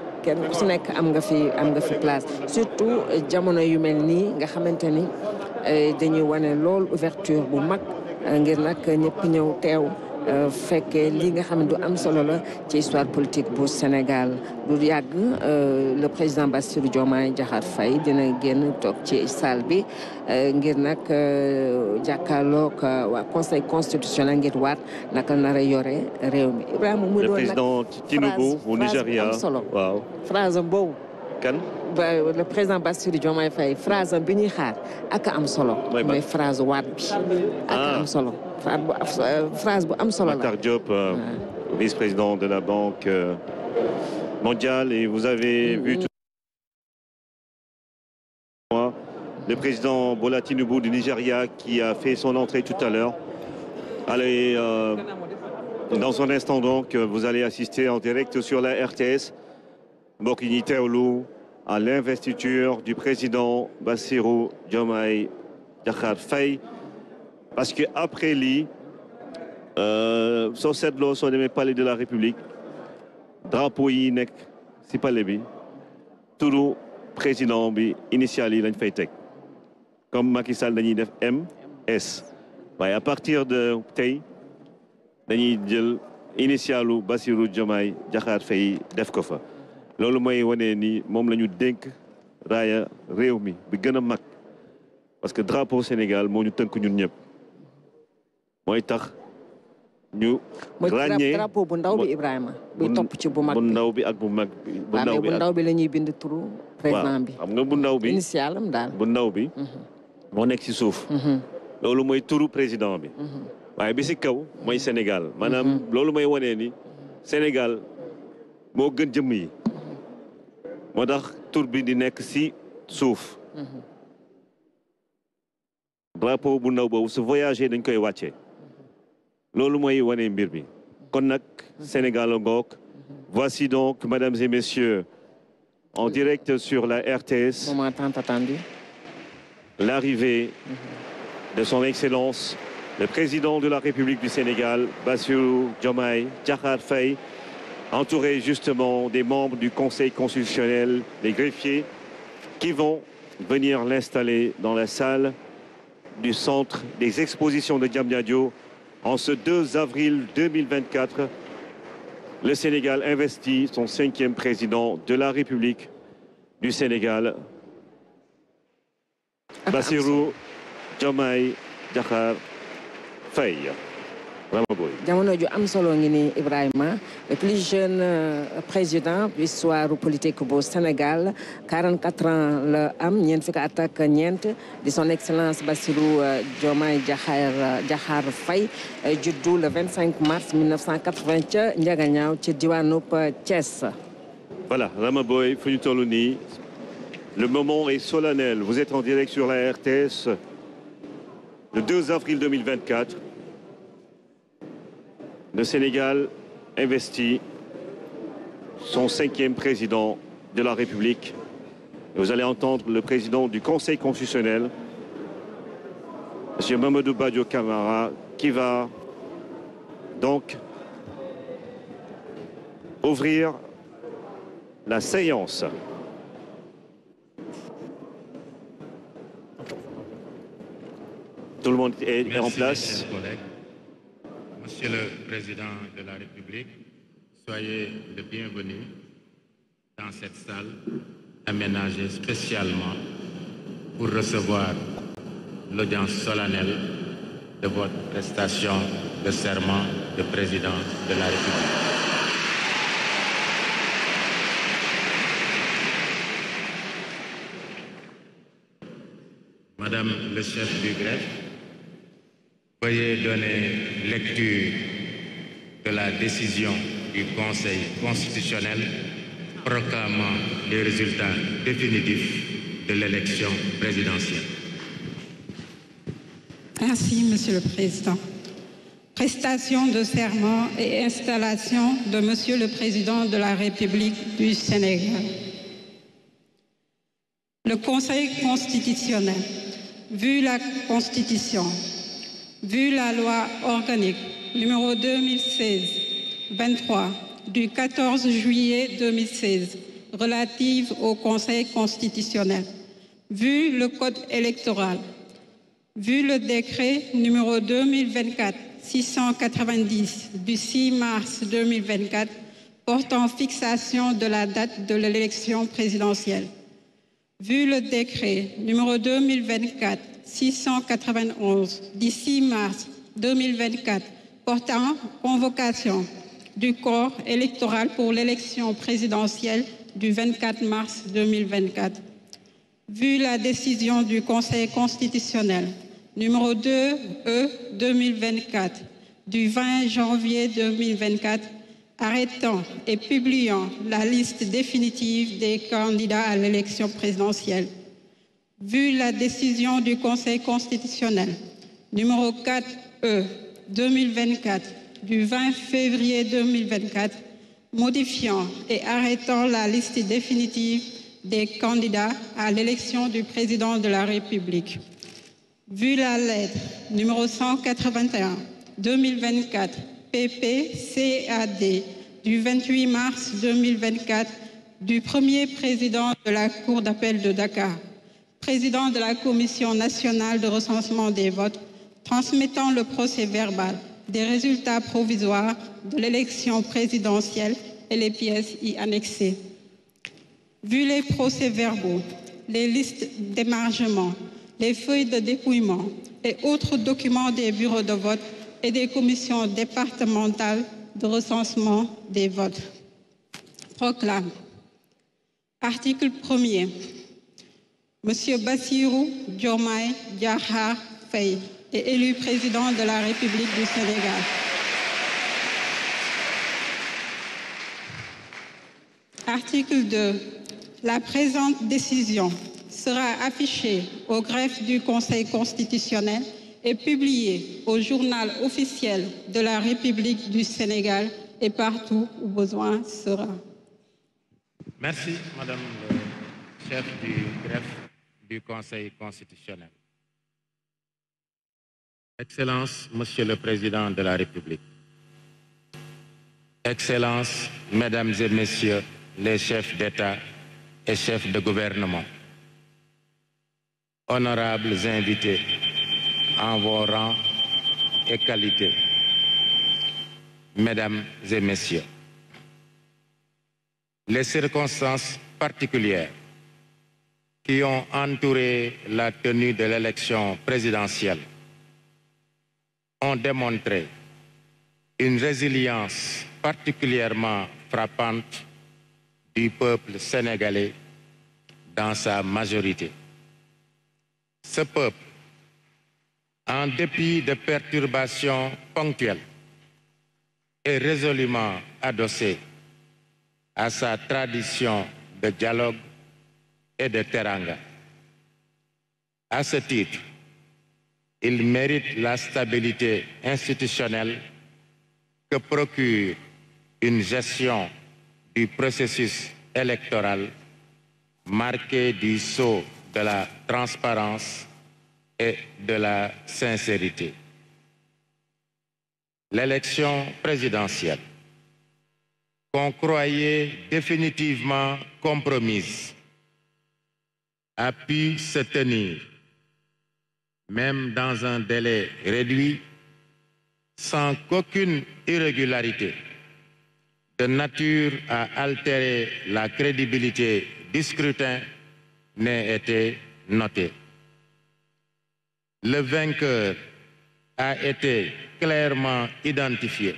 surtout euh, jamono yu euh, ouverture euh, fekkee li nga xam ne du am solo la ci histoire politique bu Sénégal du yàgg euh, le président Bassirou Diomaye Diakhar Faye dina génn toog ci salle bi euh, ngir nag euh, jàkkaarloog waa conseil constitutionnel ngir waat naka nar a yore réew mi. Ibrahima mu nag le président Tinubu bu Nigeria waaw phrase am boobu kan. ba le président Bassirou Diomaye Faye phrase am bi ñuy xaar ak am solo. moy phrase waat bi. ak am solo phrase bu am solo la. Matar Diop euh, vice-président de la Banque euh, mondiale et vous avez mm-hmm. vu. le président Bola Tinubu du Nigeria qui a fait son entrée tout à l'heure. Allez, euh, dans un instant donc, vous allez assister en direct sur la RTS Bokini Teoulou à l'investiture du président Bassirou Diomaye Dakhar Faye. Parce qu'après lui, euh, sur cette loi, sur les palais de la république drapeau c'est pas ci palais tout le président bi initial yi lañ comme Macky Sall dañuy def MS Mais à partir de tey dañuy jël initialu Bassirou Diomaye Diakhar Faye def loolu mooy wane ni moom la ñu dénk raaya réew mi bi gën a mag parce que drapeau Sénégal moo ñu tënk ñun ñëpp mooy tax ñu. ràññee drapeau bu ndaw bi Ibrahima. buy topp ci bu mag bu ndaw bi ak bu mag bi. bu ndaw bi bu ndaw bi la bind turu. président bi xam nga bu ndaw bi initial am bu ndaw bi. Mhm. moo nekk ci suuf. Mhm. loolu mooy turu président bi. Mhm. waaye bi ci kaw mooy Sénégal. maanaam loolu mooy wane ni Sénégal moo gën jëmm yi. moo tax tur bi di nekk si suuf drapeau bu ndaw boobu su voyagé dañ koy wàccee loolu mooy wane mbir bi kon nag Sénégal ngook voici donc mesdames et messieurs en direct sur la RTS l'arrivée de son excellence le président de la République du Sénégal Bassirou Diomaye Diakhar Faye entouré justement des membres du Conseil constitutionnel, des greffiers, qui vont venir l'installer dans la salle du centre des expositions de Diamniadio en ce 2 avril 2024. Le Sénégal investit son cinquième président de la République du Sénégal, ah, Bassirou ah, Diomaye Faye jamono ju am Ibrahima le plus jeune euh, président de l'histoire politique au Sénégal 44 ans le am ñeent son excellence Bassirou euh, Diomaye Djahar euh, Faye juddu le 25 mars 1980 ca ci Thiès voilà Ramaboy, Boy le moment est solennel vous êtes en direct sur la RTS le 2 avril 2024 le Sénégal investit son cinquième président de la République. vous allez entendre le président du Conseil constitutionnel, M. Mamadou Badio Camara, qui va donc ouvrir la séance. Tout le monde est en place. Monsieur le Président de la République, soyez le bienvenu dans cette salle aménagée spécialement pour recevoir l'audience solennelle de votre prestation de serment de Président de la République. Madame le chef du greffe, Veuillez donner lecture de la décision du Conseil constitutionnel proclamant les résultats définitifs de l'élection présidentielle. Merci, Monsieur le Président. Prestation de serment et installation de Monsieur le Président de la République du Sénégal. Le Conseil constitutionnel, vu la Constitution, vu la loi organique numéro 2016-23 du 14 juillet 2016 relative au Conseil constitutionnel, vu le Code électoral, vu le décret numéro 2024-690 du 6 mars 2024 portant fixation de la date de l'élection présidentielle, vu le décret numéro 2024 691 d'ici mars 2024 portant convocation du corps électoral pour l'élection présidentielle du 24 mars 2024. Vu la décision du Conseil constitutionnel numéro 2 E 2024 du 20 janvier 2024 arrêtant et publiant la liste définitive des candidats à l'élection présidentielle vu la décision du Conseil constitutionnel numéro 4E 2024 e du 20 février 2024 modifiant et arrêtant la liste définitive des candidats à l'élection du président de la République. Vu la lettre numéro 181 2024 PPCAD du 28 mars 2024 du premier président de la Cour d'appel de Dakar président de la Commission nationale de recensement des votes, transmettant le procès verbal des résultats provisoires de l'élection présidentielle et les pièces y annexées. Vu les procès verbaux, les listes d'émargement, les feuilles de dépouillement et autres documents des bureaux de vote et des commissions départementales de recensement des votes. Proclame. Article 1er. Monsieur Bassirou Diomaye Diarra Faye est élu président de la République du Sénégal. Article 2. La présente décision sera affichée au greffe du Conseil constitutionnel et publiée au journal officiel de la République du Sénégal et partout où besoin sera. Merci, Madame euh, chef du greffe du Conseil constitutionnel. Excellences, Monsieur le Président de la République, Excellences, Mesdames et Messieurs les chefs d'État et chefs de gouvernement, honorables invités en vos rangs et qualités, Mesdames et Messieurs, les circonstances particulières qui ont entouré la tenue de l'élection présidentielle ont démontré une résilience particulièrement frappante du peuple sénégalais dans sa majorité. Ce peuple, en dépit de perturbations ponctuelles, est résolument adossé à sa tradition de dialogue et de Teranga. À ce titre, il mérite la stabilité institutionnelle que procure une gestion du processus électoral marquée du sceau de la transparence et de la sincérité. L'élection présidentielle qu'on croyait définitivement compromise a pu se tenir, même dans un délai réduit, sans qu'aucune irrégularité de nature à altérer la crédibilité du scrutin n'ait été notée. Le vainqueur a été clairement identifié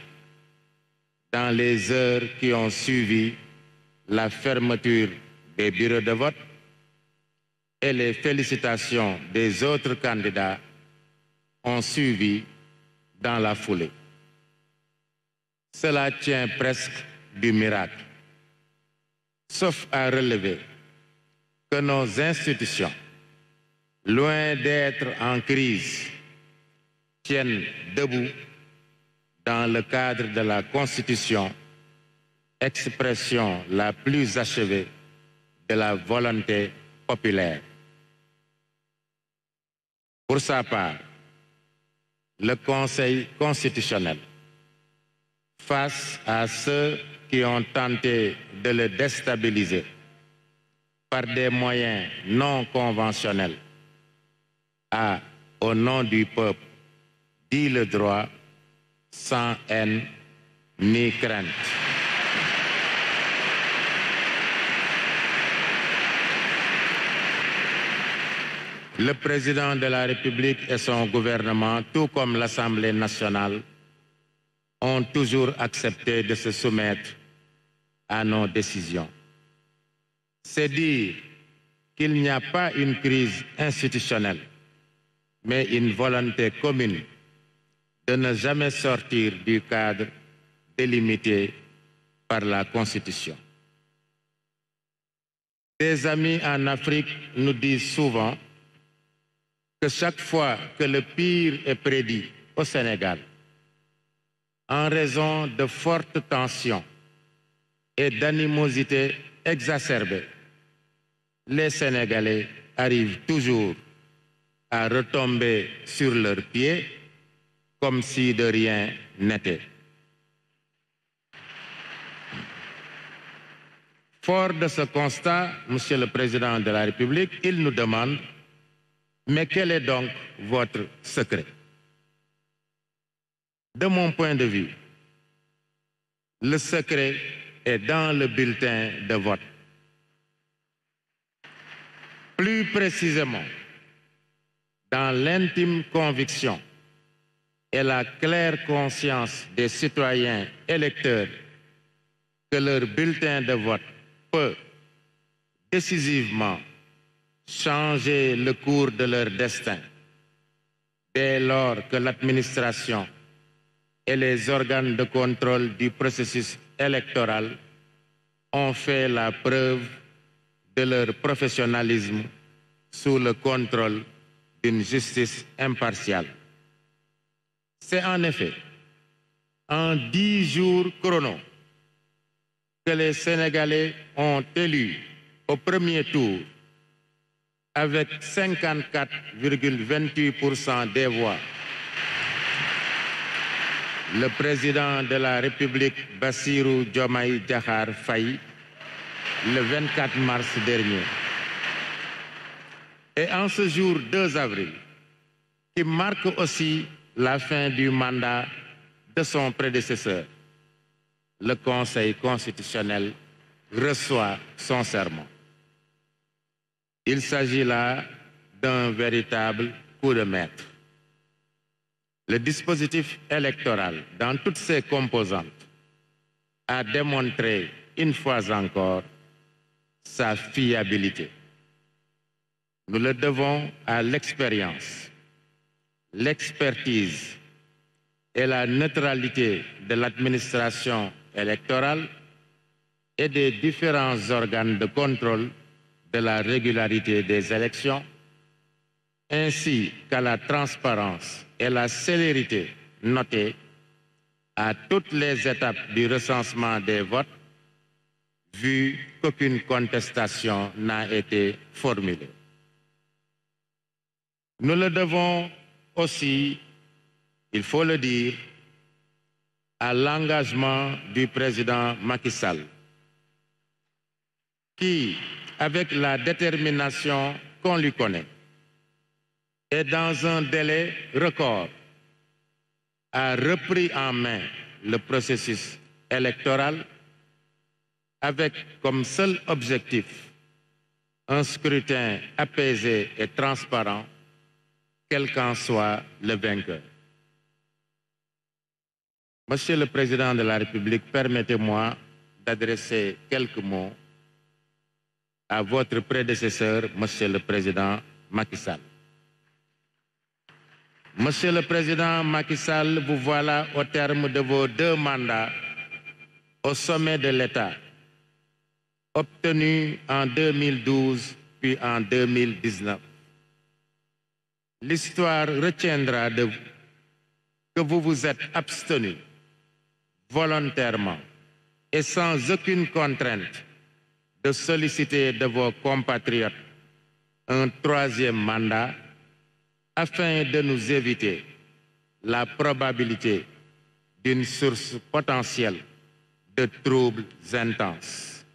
dans les heures qui ont suivi la fermeture des bureaux de vote et les félicitations des autres candidats ont suivi dans la foulée. Cela tient presque du miracle, sauf à relever que nos institutions, loin d'être en crise, tiennent debout dans le cadre de la Constitution, expression la plus achevée de la volonté populaire. Pour sa part, le Conseil constitutionnel, face à ceux qui ont tenté de le déstabiliser par des moyens non conventionnels, a, au nom du peuple, dit le droit sans haine ni crainte. le président de la République et son gouvernement, tout comme l'Assemblée nationale, ont toujours accepté de se soumettre à nos décisions. C'est dire qu'il n'y a pas une crise institutionnelle, mais une volonté commune de ne jamais sortir du cadre délimité par la Constitution. Des amis en Afrique nous disent souvent chaque fois que le pire est prédit au Sénégal, en raison de fortes tensions et d'animosités exacerbées, les Sénégalais arrivent toujours à retomber sur leurs pieds comme si de rien n'était. Fort de ce constat, Monsieur le Président de la République, il nous demande mais quel est donc votre secret De mon point de vue, le secret est dans le bulletin de vote. Plus précisément, dans l'intime conviction et la claire conscience des citoyens électeurs que leur bulletin de vote peut décisivement changer le cours de leur destin dès lors que l'administration et les organes de contrôle du processus électoral ont fait la preuve de leur professionnalisme sous le contrôle d'une justice impartiale. C'est en effet en dix jours chrono que les Sénégalais ont élu au premier tour avec 54,28% des voix. Le président de la République, Bassirou Diomaye Djahar Faye, le 24 mars dernier. Et en ce jour 2 avril, qui marque aussi la fin du mandat de son prédécesseur, le Conseil constitutionnel reçoit son serment. Il s'agit là d'un véritable coup de maître. Le dispositif électoral, dans toutes ses composantes, a démontré une fois encore sa fiabilité. Nous le devons à l'expérience, l'expertise et la neutralité de l'administration électorale et des différents organes de contrôle de la régularité des élections, ainsi qu'à la transparence et la célérité notées à toutes les étapes du recensement des votes, vu qu'aucune contestation n'a été formulée. Nous le devons aussi, il faut le dire, à l'engagement du président Macky Sall, qui, avec la détermination qu'on lui connaît et dans un délai record a repris en main le processus électoral avec comme seul objectif un scrutin apaisé et transparent, quel qu'en soit le vainqueur. Monsieur le Président de la République, permettez-moi d'adresser quelques mots à votre prédécesseur, Monsieur le Président Macky Sall. Monsieur le Président Macky Sall, vous voilà au terme de vos deux mandats au sommet de l'État, obtenu en 2012 puis en 2019. L'histoire retiendra de vous que vous vous êtes abstenu volontairement et sans aucune contrainte de solliciter de vos compatriotes un troisième mandat afin de nous éviter la probabilité d'une source potentielle de troubles intenses.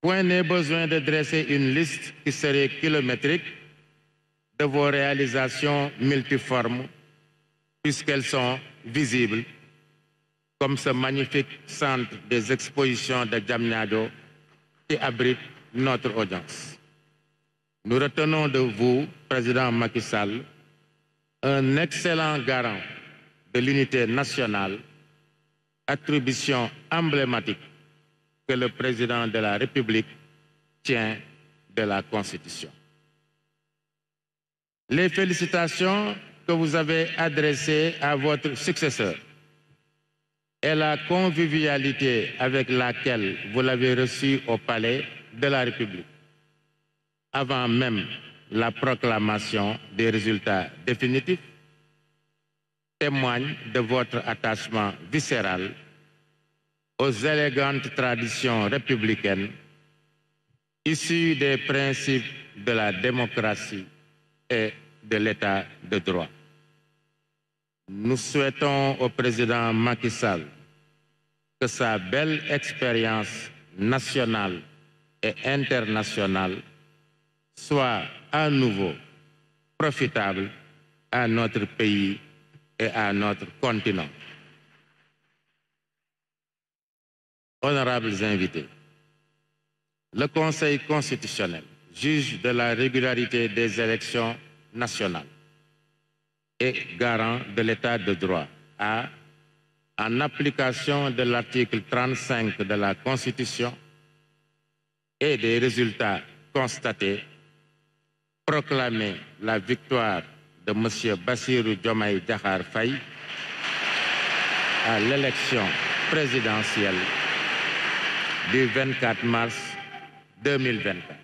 Point n'est besoin de dresser une liste qui serait kilométrique de vos réalisations multiformes puisqu'elles sont visibles comme ce magnifique centre des expositions de Djamnado qui abrite notre audience. Nous retenons de vous, Président Macky Sall, un excellent garant de l'unité nationale, attribution emblématique que le Président de la République tient de la Constitution. Les félicitations que vous avez adressées à votre successeur et la convivialité avec laquelle vous l'avez reçu au palais de la République, avant même la proclamation des résultats définitifs, témoigne de votre attachement viscéral aux élégantes traditions républicaines issues des principes de la démocratie et de l'état de droit. Nous souhaitons au président Macky Sall que sa belle expérience nationale et internationale soit à nouveau profitable à notre pays et à notre continent. Honorables invités, le Conseil constitutionnel juge de la régularité des élections nationales et garant de l'état de droit. à En application de l'article 35 de la Constitution et des résultats constatés, proclamer la victoire de M. Bassirou Diomaye Dahar Faye à l'élection présidentielle du 24 mars 2024.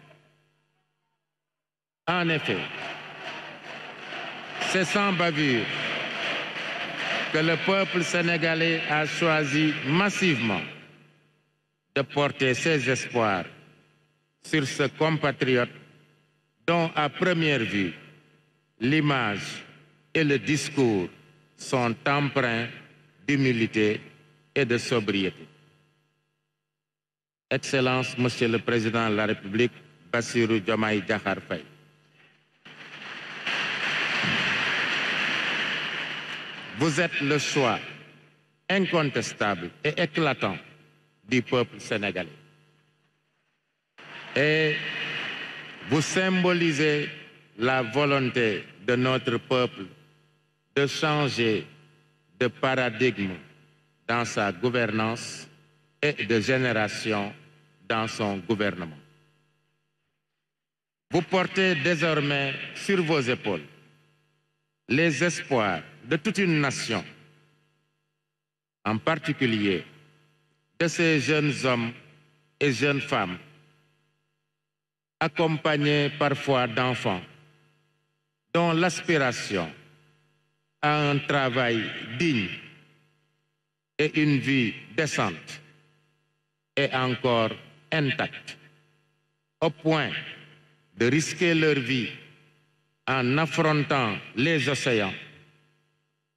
En effet, c'est sans bavure que le peuple sénégalais a choisi massivement de porter ses espoirs sur ce compatriote dont à première vue l'image et le discours sont empreints d'humilité et de sobriété. Excellence, Monsieur le Président de la République, Bassirou Diomaye Diakhar Vous êtes le choix incontestable et éclatant du peuple sénégalais. Et vous symbolisez la volonté de notre peuple de changer de paradigme dans sa gouvernance et de génération dans son gouvernement. Vous portez désormais sur vos épaules les espoirs de toute une nation, en particulier de ces jeunes hommes et jeunes femmes, accompagnés parfois d'enfants, dont l'aspiration à un travail digne et une vie décente est encore intacte, au point de risquer leur vie en affrontant les océans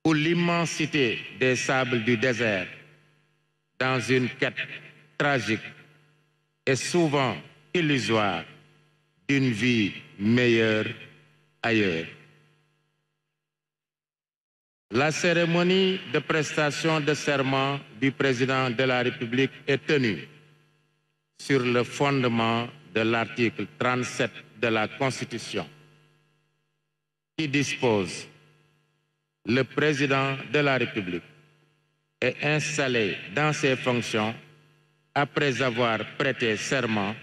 ou l'immensité des sables du désert dans une quête tragique et souvent illusoire d'une vie meilleure ailleurs. La cérémonie de prestation de serment du président de la République est tenue sur le fondement de l'article 37 de la Constitution qui dispose le président de la République est installé dans ses fonctions après avoir prêté serment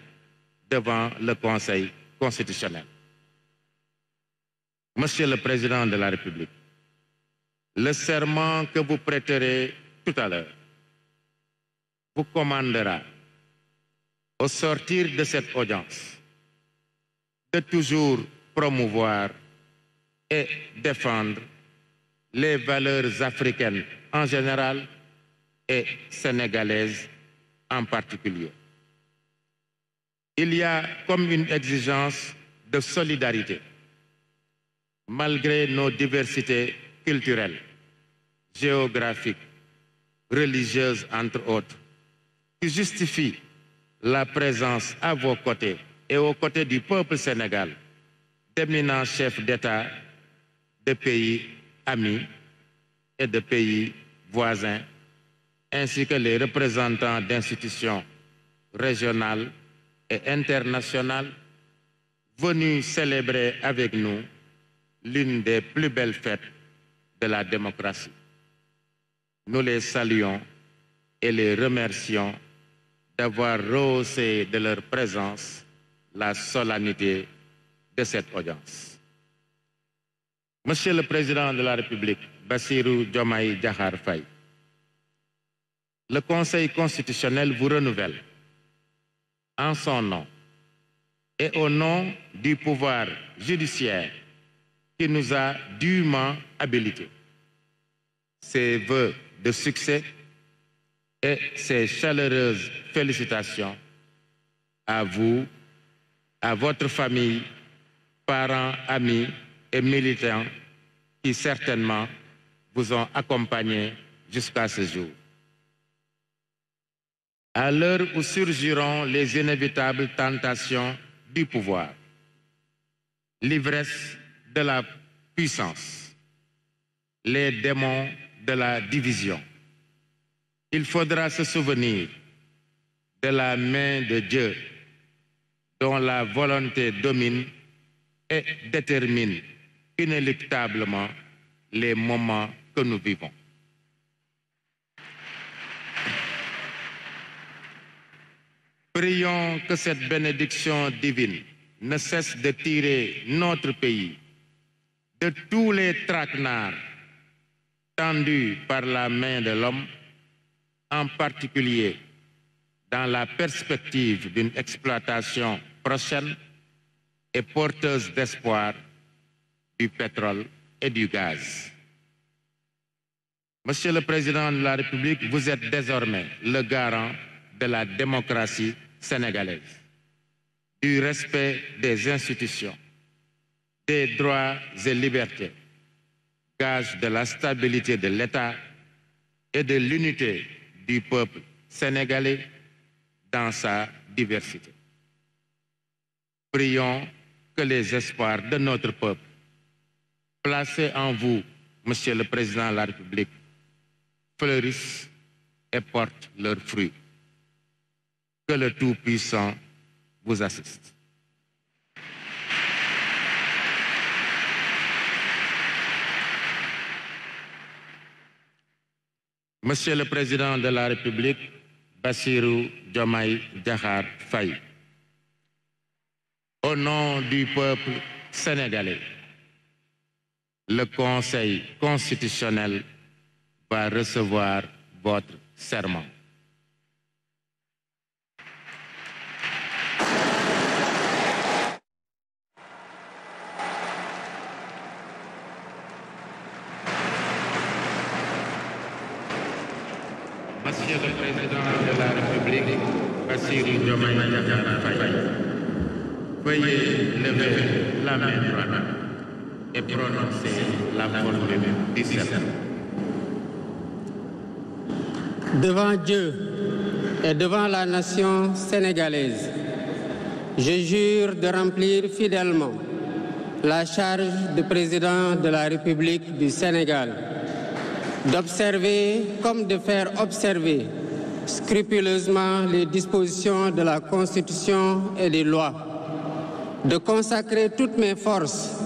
devant le Conseil constitutionnel. Monsieur le Président de la République, le serment que vous prêterez tout à l'heure vous commandera, au sortir de cette audience, de toujours promouvoir et défendre les valeurs africaines en général et sénégalaises en particulier. Il y a comme une exigence de solidarité, malgré nos diversités culturelles, géographiques, religieuses, entre autres, qui justifie la présence à vos côtés et aux côtés du peuple sénégal d'éminents chefs d'État des pays amis et de pays voisins, ainsi que les représentants d'institutions régionales et internationales venus célébrer avec nous l'une des plus belles fêtes de la démocratie. Nous les saluons et les remercions d'avoir rehaussé de leur présence la solennité de cette audience. Monsieur le Président de la République, Bassirou Diomaye Djahar le Conseil constitutionnel vous renouvelle en son nom et au nom du pouvoir judiciaire qui nous a dûment habilités. Ses voeux de succès et ses chaleureuses félicitations à vous, à votre famille, parents, amis, et militants qui certainement vous ont accompagné jusqu'à ce jour. À l'heure où surgiront les inévitables tentations du pouvoir, l'ivresse de la puissance, les démons de la division, il faudra se souvenir de la main de Dieu dont la volonté domine et détermine inéluctablement les moments que nous vivons. Prions que cette bénédiction divine ne cesse de tirer notre pays de tous les traquenards tendus par la main de l'homme, en particulier dans la perspective d'une exploitation prochaine et porteuse d'espoir du pétrole et du gaz. Monsieur le Président de la République, vous êtes désormais le garant de la démocratie sénégalaise, du respect des institutions, des droits et libertés, gage de la stabilité de l'État et de l'unité du peuple sénégalais dans sa diversité. Prions que les espoirs de notre peuple placés en vous, Monsieur le Président de la République, fleurissent et portent leurs fruits. Que le Tout-Puissant vous assiste. Monsieur le Président de la République, Bassirou Diomaye Djahar Faye, au nom du peuple sénégalais, le Conseil constitutionnel va recevoir votre serment. Monsieur le Président de la République, Bassirou Diomaye Faye, veuillez lever la main prononcer la Devant Dieu et devant la nation sénégalaise, je jure de remplir fidèlement la charge de président de la République du Sénégal, d'observer comme de faire observer scrupuleusement les dispositions de la Constitution et des lois, de consacrer toutes mes forces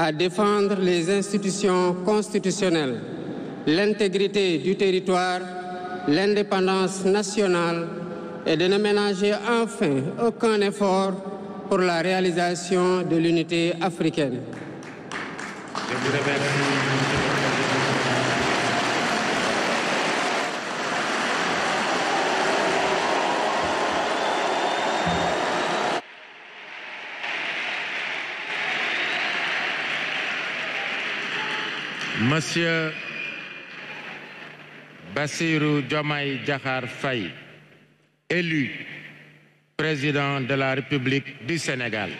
à défendre les institutions constitutionnelles, l'intégrité du territoire, l'indépendance nationale et de ne ménager enfin aucun effort pour la réalisation de l'unité africaine. Monsieur Bassirou Diomaye Jakhar Faye, élu président de la République du Sénégal.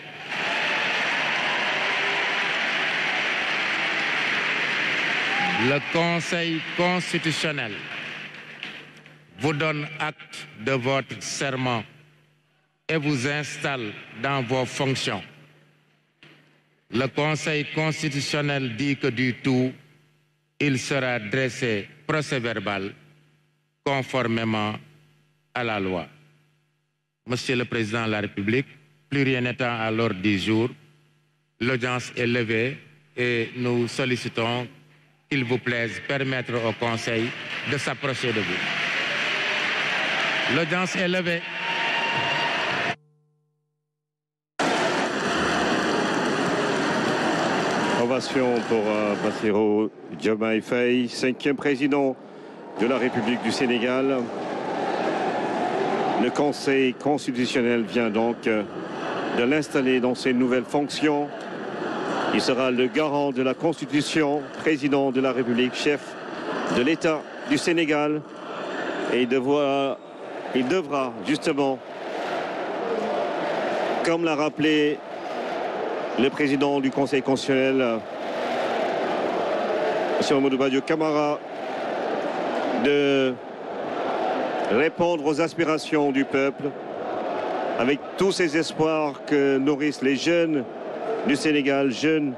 Le Conseil constitutionnel vous donne acte de votre serment et vous installe dans vos fonctions. Le Conseil constitutionnel dit que du tout, il sera dressé procès-verbal conformément à la loi. Monsieur le Président de la République, plus rien n'étant à l'ordre du jour, l'audience est levée et nous sollicitons qu'il vous plaise permettre au Conseil de s'approcher de vous. L'audience est levée. pour Bassero euh, Diomaye Faye, cinquième président de la République du Sénégal. Le Conseil constitutionnel vient donc euh, de l'installer dans ses nouvelles fonctions. Il sera le garant de la Constitution, président de la République, chef de l'État du Sénégal. Et il devra justement, comme l'a rappelé le président du Conseil constitutionnel, M. Mamadou Badio Camara, de répondre aux aspirations du peuple avec tous ces espoirs que nourrissent les jeunes du Sénégal, jeunes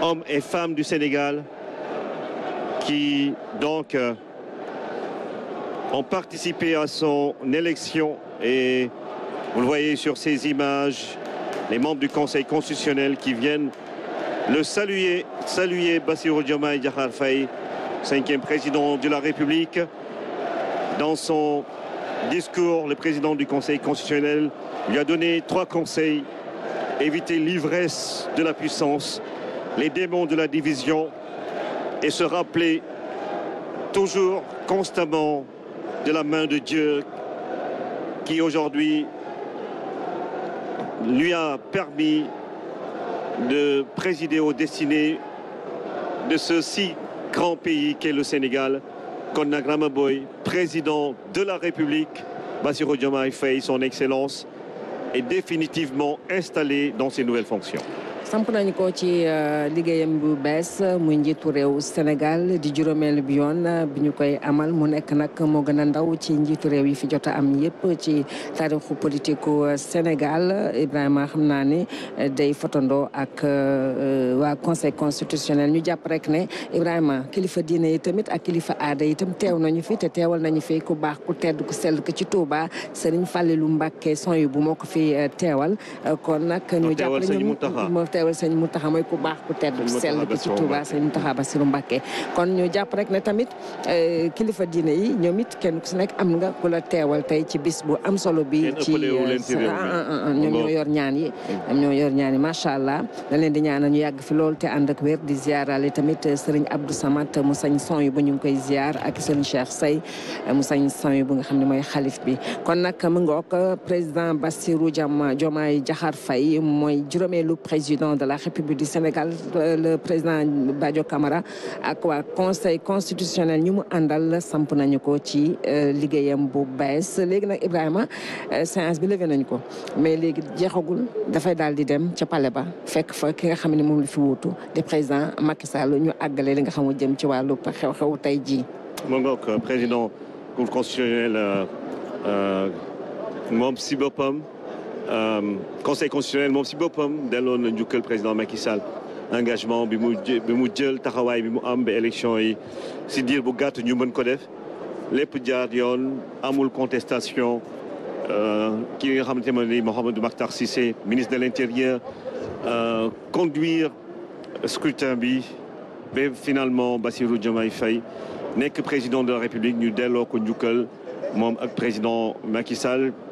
hommes et femmes du Sénégal, qui donc ont participé à son élection. Et vous le voyez sur ces images, les membres du Conseil constitutionnel qui viennent le saluer, saluer Bassirou Diomaye Diakhar cinquième président de la République. Dans son discours, le président du Conseil constitutionnel lui a donné trois conseils. Éviter l'ivresse de la puissance, les démons de la division et se rappeler toujours, constamment, de la main de Dieu qui aujourd'hui lui a permis de présider aux destinées de ce si grand pays qu'est le Sénégal, qu'on Boy, président de la République, Bassirou Diomaye Faye, son excellence, est définitivement installé dans ses nouvelles fonctions. samp nañu ko ci euh, liggéeyam bu bees muy njiitu réew Sénégal di juróomeelu bi yoon bi ñu koy amal mu nekk nag moo gën a ndaw ci njiitu réew yi fi jot a am yëpp ci taarixu politiku Sénégal Ibrahima xam naa ni euh, day fotandoo ak euh, waa conseil constitutionnel ñu jàpp rek ne Ibrahima kilifa diine yi tamit ak kilifa aada yi tam teew nañu fi te teewal nañu fi ku baax ku tedd ku sell ku ci Touba Serigne Fallilou Mbacké son yu bu moo ko fi teewal kon nag ñu jàpp teewal sëñ Mountakha mooy ku baax ku tedd sell ki ci Touba sëñ Mountakha Bassirou Mbacké kon ñu jàpp rek ne tamit eh, kilifa diine yi ñoom it kenn ku si nekk am nga ku la teewal tey ci bis bu am solo bi ci eh, ah, ah, ah, ñoom ñoo yor ñaan yi ñoo yor ñaan macha allah da leen di ñaanal ñu yàgg fi lool te ànd ak wér di ziarale tamit sëriñ Abdou Samat mu sañ son yu bu ñu ngi koy ziar ak sëriñ Cheikh Say mu sañ son yu bu nga xam ne mooy xalif bi kon nag mu ngoog président Bassirou Diomaye Diakhar Faye mooy juróomeelu président président de la République du Sénégal euh, le président Badio Camara ak waa conseil constitutionnel ñu mu àndal samp nañu ko ci euh, liggéeyam bu Ibrahima euh, séance bi levé nañ ko mais léegi jeexagul dafay daal di dem ca palais ba fekk fa ki nga xam ne Le la fi président Macky Sall ñu àggale li nga xam jëm ci wàllu xew-xew président constitutionnel moom si boppam euh, conseil constitutionnel moom si bopam delloo na président Macky Sall engagement bi mu bi mu jël bi mu am élection yi si dir bu gàtt ñu mën ko def lépp jaar yoon amul contestation qui euh, nga xamante ne ni ministre de l'Intérieur, euh, conduire scrutin bi finalement Bassirou Diomaye Faye que président de la République ñu delloo ko président Macky Sall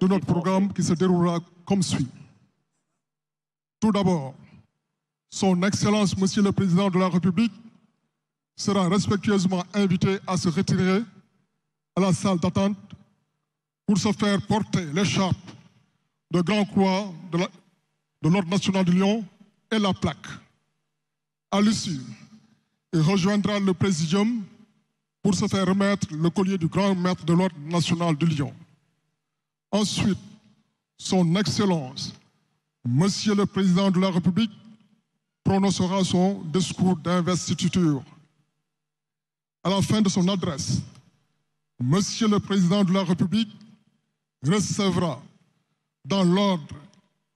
de notre programme qui se déroulera comme suit. Tout d'abord, Son Excellence, Monsieur le Président de la République, sera respectueusement invité à se retirer à la salle d'attente pour se faire porter l'écharpe de Grand Croix de l'Ordre national de Lyon et la plaque. À l'issue, il rejoindra le Présidium pour se faire remettre le collier du Grand Maître de l'Ordre national de Lyon. Ensuite, son Excellence, Monsieur le Président de la République, prononcera son discours d'investiture. À la fin de son adresse, Monsieur le Président de la République recevra dans l'ordre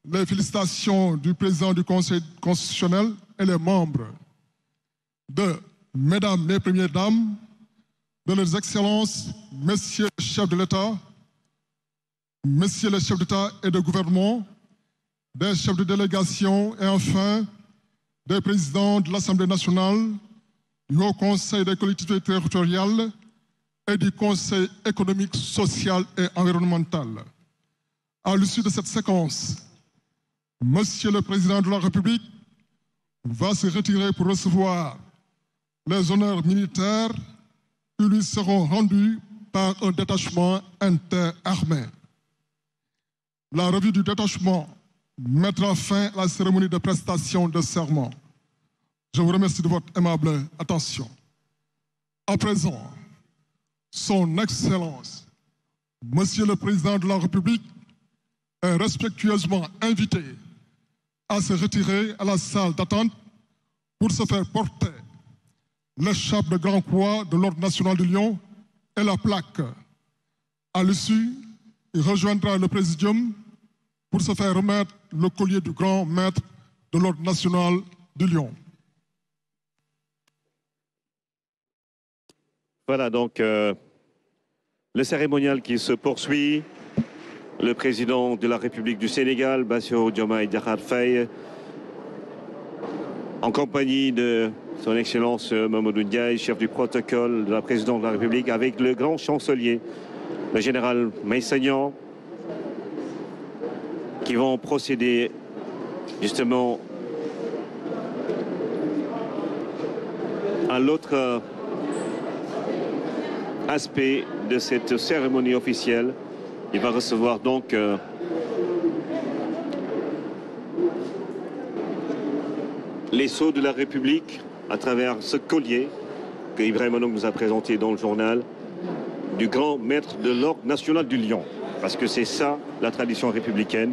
les félicitations du Président du Conseil constitutionnel et les membres de Mesdames les Premières Dames, de leurs Excellences, Messieurs les chefs de l'État, messieurs les chefs d'État et de gouvernement, des chefs de délégation et enfin des présidents de l'Assemblée nationale, du Haut Conseil des collectivités territoriales et du Conseil économique, social et environnemental. À l'issue de cette séquence, Monsieur le Président de la République va se retirer pour recevoir les honneurs militaires qui lui seront rendus par un détachement interarmé. La revue du détachement mettra fin à la cérémonie de prestation de serment. Je vous remercie de votre aimable attention. À présent, Son Excellence, Monsieur le Président de la République, est respectueusement invité à se retirer à la salle d'attente pour se faire porter l'échappe de Grand Croix de l'Ordre national de Lyon et la plaque. À l'issue, il rejoindra le Présidium pour se faire remettre le collier du grand maître de l'Ordre national de Lyon. Voilà donc euh, le cérémonial qui se poursuit. Le président de la République du Sénégal, bassio Diomaye Faye, en compagnie de son Excellence Mamadou Ndiaye, chef du protocole de la présidente de la République, avec le grand chancelier, le général Meissagnan, qui vont procéder justement à l'autre aspect de cette cérémonie officielle. Il va recevoir donc euh, les sceaux de la République à travers ce collier que Ibrahim nous a présenté dans le journal du grand maître de l'ordre national du Lion. Parce que c'est ça la tradition républicaine.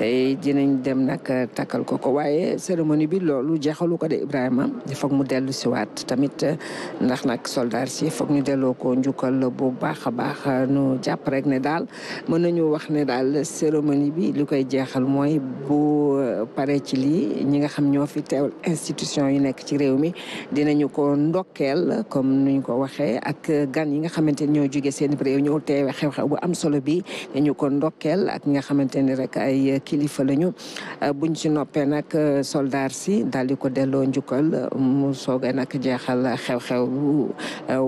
Eh, dinañ dem nag eh, takkal ko ko waaye cérémonie bi loolu jeexalu ko de Ibrahima foog mu dellu si waat tamit eh, ndax nag soldat si foog ñu delloo ko njukkal bu baax a baax nu jàpp rek ne daal mën nañu wax ne daal cérémonie bi li koy jeexal mooy bu pare ci lii ñi nga xam ñoo fi teewal institution yu nekk ci réew mi dinañu ko ndokkeel comme nuñ ko waxee ak gan yi nga xamante ni ñoo jóge seen réew ñoo teewe xew-xew bu am solo bi dañu ko ndokkeel ak nga kilifa lañu bu euh, buñ ci noppee nag euh, soldaar si daal di ko delloo njukkal euh, mu soogee nag jeexal xew-xew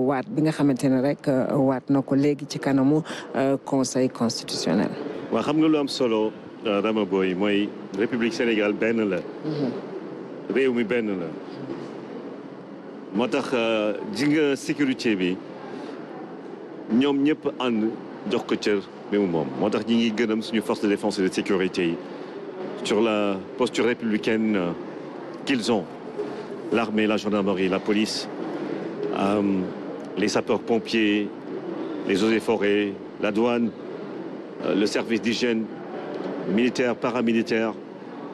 waat bi nga xamante ne rek waat na ko léegi ci kanamu conseil constitutionnel. waa xam nga lu am solo Rama Boy mooy république Sénégal benn la. Mhm. réew mi benn la. moo tax ji nga sécurité bi ñoom ñëpp ànd jox ko cër. mais au moment, force de défense et de sécurité sur la posture républicaine qu'ils ont l'armée la gendarmerie la police euh, les sapeurs-pompiers les eaux et forêts la douane euh, le service d'hygiène militaire paramilitaire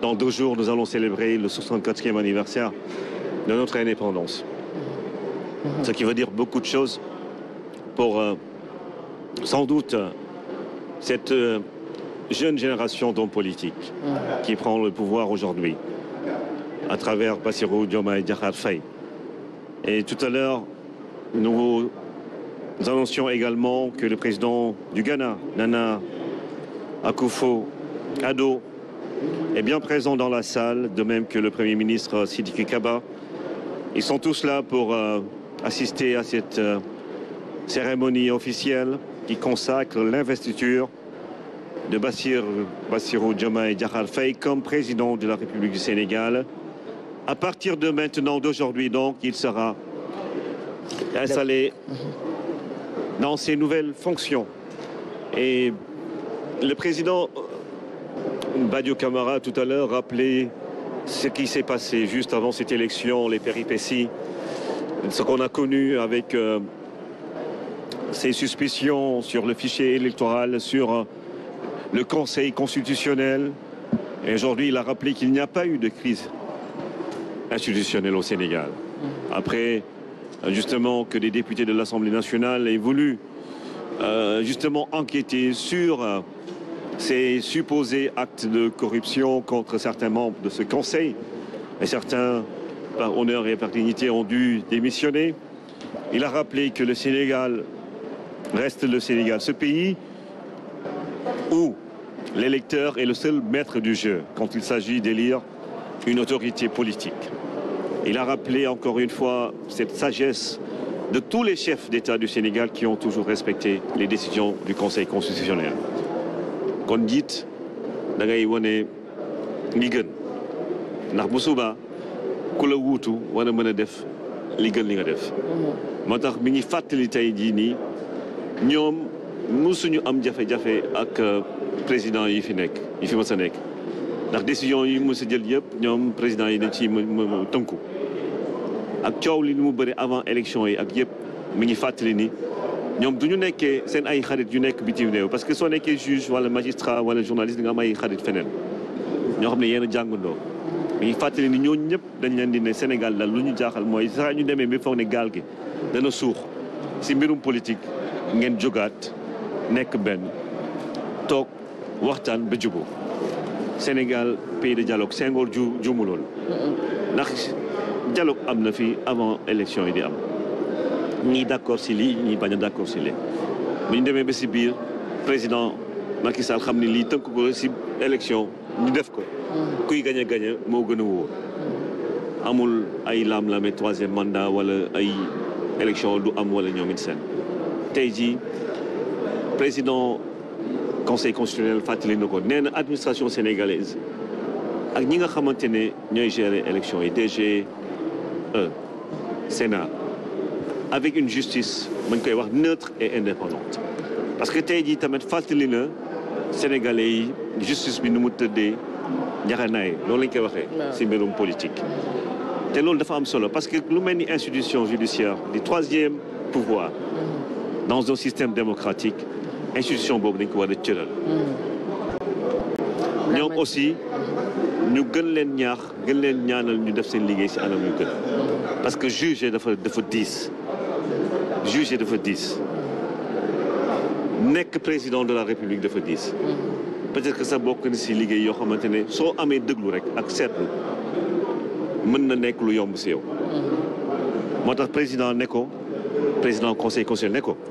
dans deux jours nous allons célébrer le 64e anniversaire de notre indépendance ce qui veut dire beaucoup de choses pour euh, sans doute cette euh, jeune génération d'hommes politiques qui prend le pouvoir aujourd'hui à travers Bassirou Diomaye Diakhar Fay. Et tout à l'heure, nous annoncions également que le président du Ghana, Nana Akufo Ado, est bien présent dans la salle, de même que le Premier ministre Sidiki Kaba. Ils sont tous là pour euh, assister à cette euh, cérémonie officielle consacre l'investiture de Bassir, Bassirou Diomaye Diakhar Faye comme président de la République du Sénégal. À partir de maintenant, d'aujourd'hui donc, il sera installé dans ses nouvelles fonctions. Et le président Badiou Camara tout à l'heure rappelait ce qui s'est passé juste avant cette élection, les péripéties, ce qu'on a connu avec... Euh, ses suspicions sur le fichier électoral, sur euh, le Conseil constitutionnel. Et aujourd'hui, il a rappelé qu'il n'y a pas eu de crise institutionnelle au Sénégal. Après, justement, que des députés de l'Assemblée nationale aient voulu, euh, justement, enquêter sur euh, ces supposés actes de corruption contre certains membres de ce Conseil. Et certains, par honneur et par dignité, ont dû démissionner. Il a rappelé que le Sénégal reste le Sénégal. Ce pays où l'électeur est le seul maître du jeu quand il s'agit d'élire une autorité politique. Il a rappelé encore une fois cette sagesse de tous les chefs d'État du Sénégal qui ont toujours respecté les décisions du Conseil constitutionnel ñoom musuñu am jafé jafé ak euh, président yi fi nek yi fi mës a nekk ndax décision yi mës jël yépp ñom président yi dañ ci tënku ak coow li mu bëri avant élection yi ak yépp mi ngi fàttali ni ñom duñu nekké nekkee seen ay xarit yu nek bitim réew parce que soo nekkee juge wala magistrat wala journaliste nga may xarit feneen ñoo xamné yéna jangundo a jàngandoo mi ngi fàttali ni ñooñu ñëpp dañ leen di né Sénégal la luñu jaaxal mooy sax ñu démé bi fogné ne gaal gi dana suux si mbirum politique ngeen jógaat nekk benn toog waxtaan ba jubóo Sénégal pays de dialogue Senghor ju juumu ndax dialogue am na fi avant élection yi di am ñii d'accord si lii ñii bañ a d'accord si lii bu ñu demee ba si biir président Macky Sall xam ne lii tënk ko si élection ñu def ko kuy gañ a gañ a moo gën a wóor amul ay laam-laame troisième mandat wala ay élection du am wala ñoom it seen tey Président du conseil constitutionnel Fatilino, administration sénégalaise ak ñi nga l'élection gérer élection et Sénat avec une justice neutre et indépendante parce que tey jii tamit sénégalais yi justice bi nu mu tëddee njaxanaay loolu lañ koy waxé politique C'est loolu dafa am solo parce que nous sommes une institution judiciaire du troisième pouvoir dans un système démocratique institution boobu dañ ko war a cëral hmm. aussi ñu gën leen ñaax gën leen ñaanal ñu def seen liguey ci anam yu gën parce que juge dafa dafa 10 juge dafa 10 nek président de la république dafa 10 hmm. peut-être que ça bokk ni ci liguey yo xamantene so amé amee rek ak seetlu mën na nek lu yomb ci yow hmm. motax président ne ko président conseil constitutionnel ne ko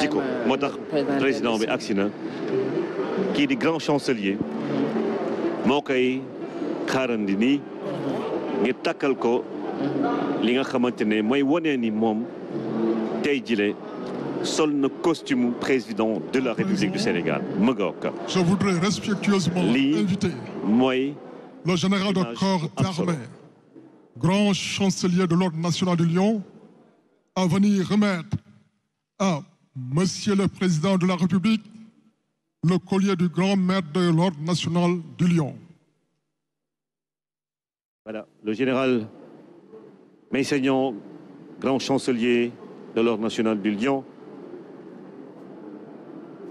jikko moo président bi agsi qui est le grand chancelier Mokai Karandini, et nii takal ko li nga xamantene woné ni costume président de la République du Sénégal mëgook je voudrais respectueusement inviter le général de corps d'armée grand chancelier de l'ordre national de Lyon, à venir remettre à Monsieur le Président de la République, le collier du grand maître de l'Ordre national du Lion. Voilà, le général Messignan, grand chancelier de l'Ordre national du Lion,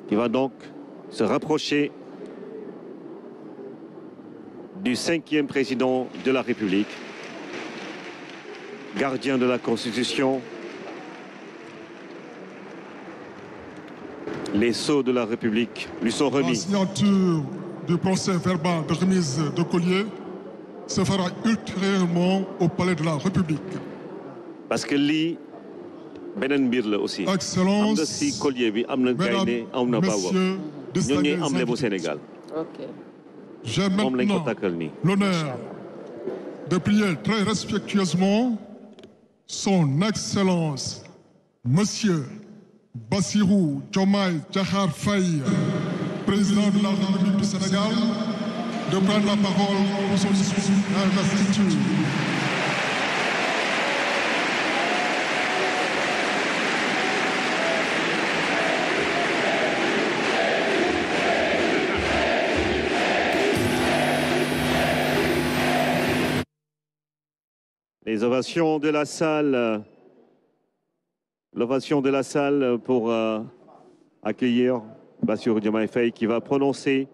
qui va donc se rapprocher du cinquième président de la République, gardien de la Constitution, Les sceaux de la République lui sont remis. La signature du procès verbal de remise de collier se fera ultérieurement au palais de la République. Parce que lui, il Birle aussi. excellence Sénégal. l'honneur de prier très respectueusement son excellence monsieur Bassirou Chomay Diakhar Faye, président de la République du Sénégal, de prendre la parole pour son discours d'investiture. Les ovations de la salle L'ovation de la salle pour euh, accueillir Bassirou Diomaye Faye qui va prononcer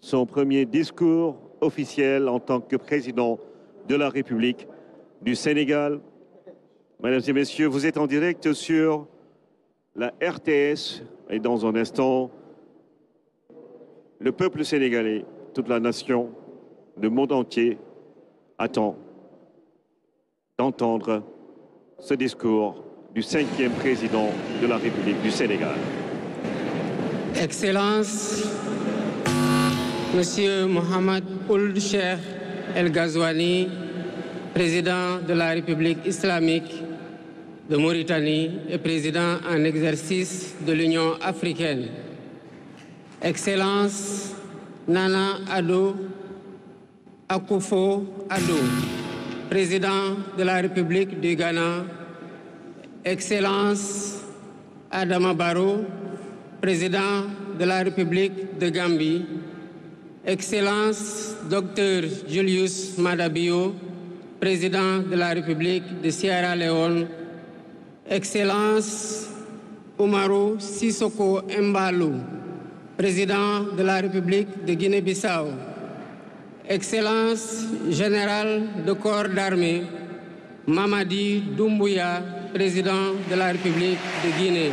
son premier discours officiel en tant que président de la République du Sénégal. Mesdames et messieurs, vous êtes en direct sur la RTS et dans un instant, le peuple sénégalais, toute la nation, le monde entier attend d'entendre ce discours du cinquième président de la République du Sénégal. Excellence, Monsieur Mohamed Ould El Ghazouani, président de la République islamique de Mauritanie et président en exercice de l'Union africaine. Excellence, Nana adou Akufo adou, président de la République du Ghana Excellence Adama Barrow, président de la République de Gambie, Excellence Dr Julius Madabio, président de la République de Sierra Leone, Excellence Umaru Sissoko Mbalo, président de la République de Guinée-Bissau, Excellence Général de corps d'armée, Mamadi Doumbouya, président de la République de Guinée,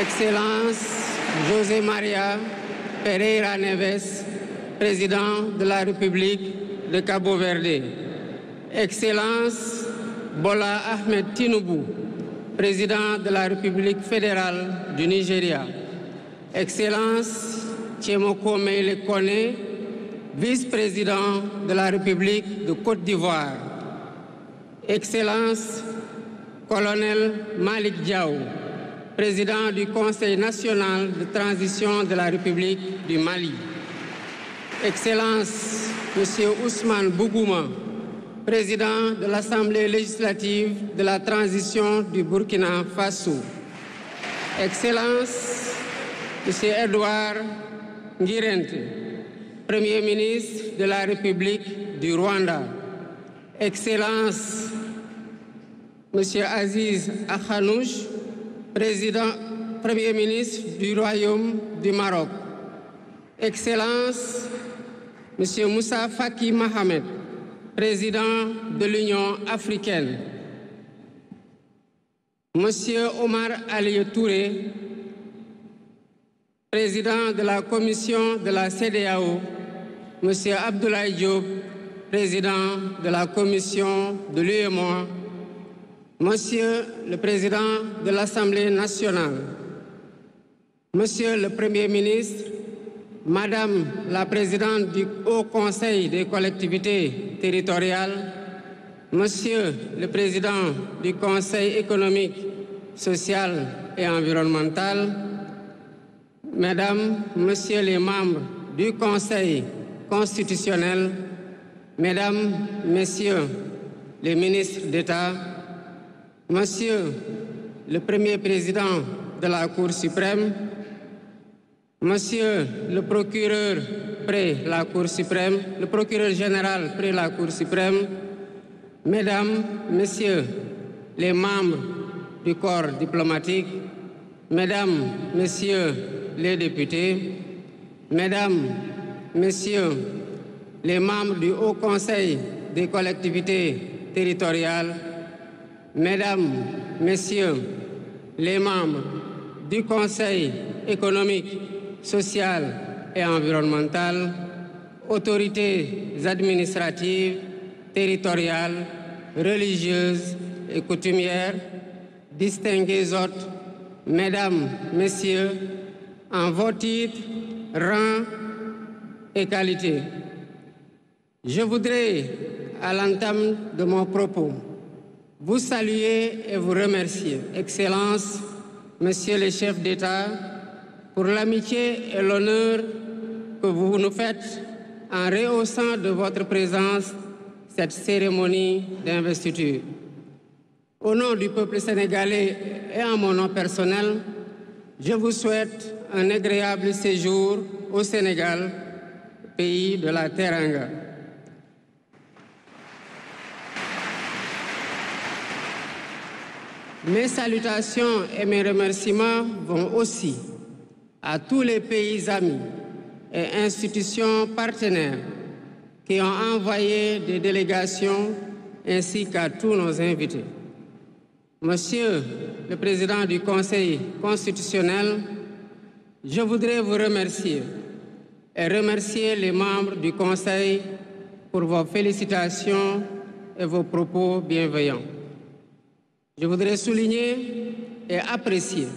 Excellence José Maria Pereira Neves, président de la République de Cabo Verde, Excellence Bola Ahmed Tinubu, président de la République fédérale du Nigeria, Excellence Tchemoko Meilekone, vice-président de la République de Côte d'Ivoire, Excellence colonel Malik Diaw, président du Conseil national de transition de la République du Mali. Excellence, Monsieur Ousmane Bougouma, président de l'Assemblée législative de la transition du Burkina Faso. Excellence, Monsieur Edouard Ngirente, Premier ministre de la République du Rwanda. Excellence, Monsieur Aziz Akhanouch, président, Premier ministre du Royaume du Maroc. Excellence Monsieur Moussa Faki Mohamed, président de l'Union africaine. Monsieur Omar Ali Touré, président de la commission de la CDAO. Monsieur Abdoulaye Diop, président de la commission de l'UEMOA Monsieur le Président de l'Assemblée nationale, Monsieur le Premier ministre, Madame la Présidente du Haut Conseil des collectivités territoriales, Monsieur le Président du Conseil économique, social et environnemental, Mesdames, Messieurs les membres du Conseil constitutionnel, Mesdames, Messieurs les ministres d'État, Monsieur le Premier Président de la Cour suprême, Monsieur le procureur près la Cour suprême, le procureur général près la Cour suprême, Mesdames, Messieurs les membres du corps diplomatique, Mesdames, Messieurs les députés, Mesdames, Messieurs les membres du Haut Conseil des collectivités territoriales, Mesdames, Messieurs les membres du Conseil économique, social et environnemental, autorités administratives, territoriales, religieuses et coutumières, distingués autres, Mesdames, Messieurs, en vos titres, rangs et qualités. Je voudrais, à l'entame de mon propos, vous saluer et vous remercier, Excellence, Monsieur le chef d'État, pour l'amitié et l'honneur que vous nous faites en rehaussant de votre présence cette cérémonie d'investiture. Au nom du peuple sénégalais et en mon nom personnel, je vous souhaite un agréable séjour au Sénégal, pays de la Teranga. Mes salutations et mes remerciements vont aussi à tous les pays amis et institutions partenaires qui ont envoyé des délégations ainsi qu'à tous nos invités. Monsieur le Président du Conseil constitutionnel, je voudrais vous remercier et remercier les membres du Conseil pour vos félicitations et vos propos bienveillants. Je voudrais souligner et apprécier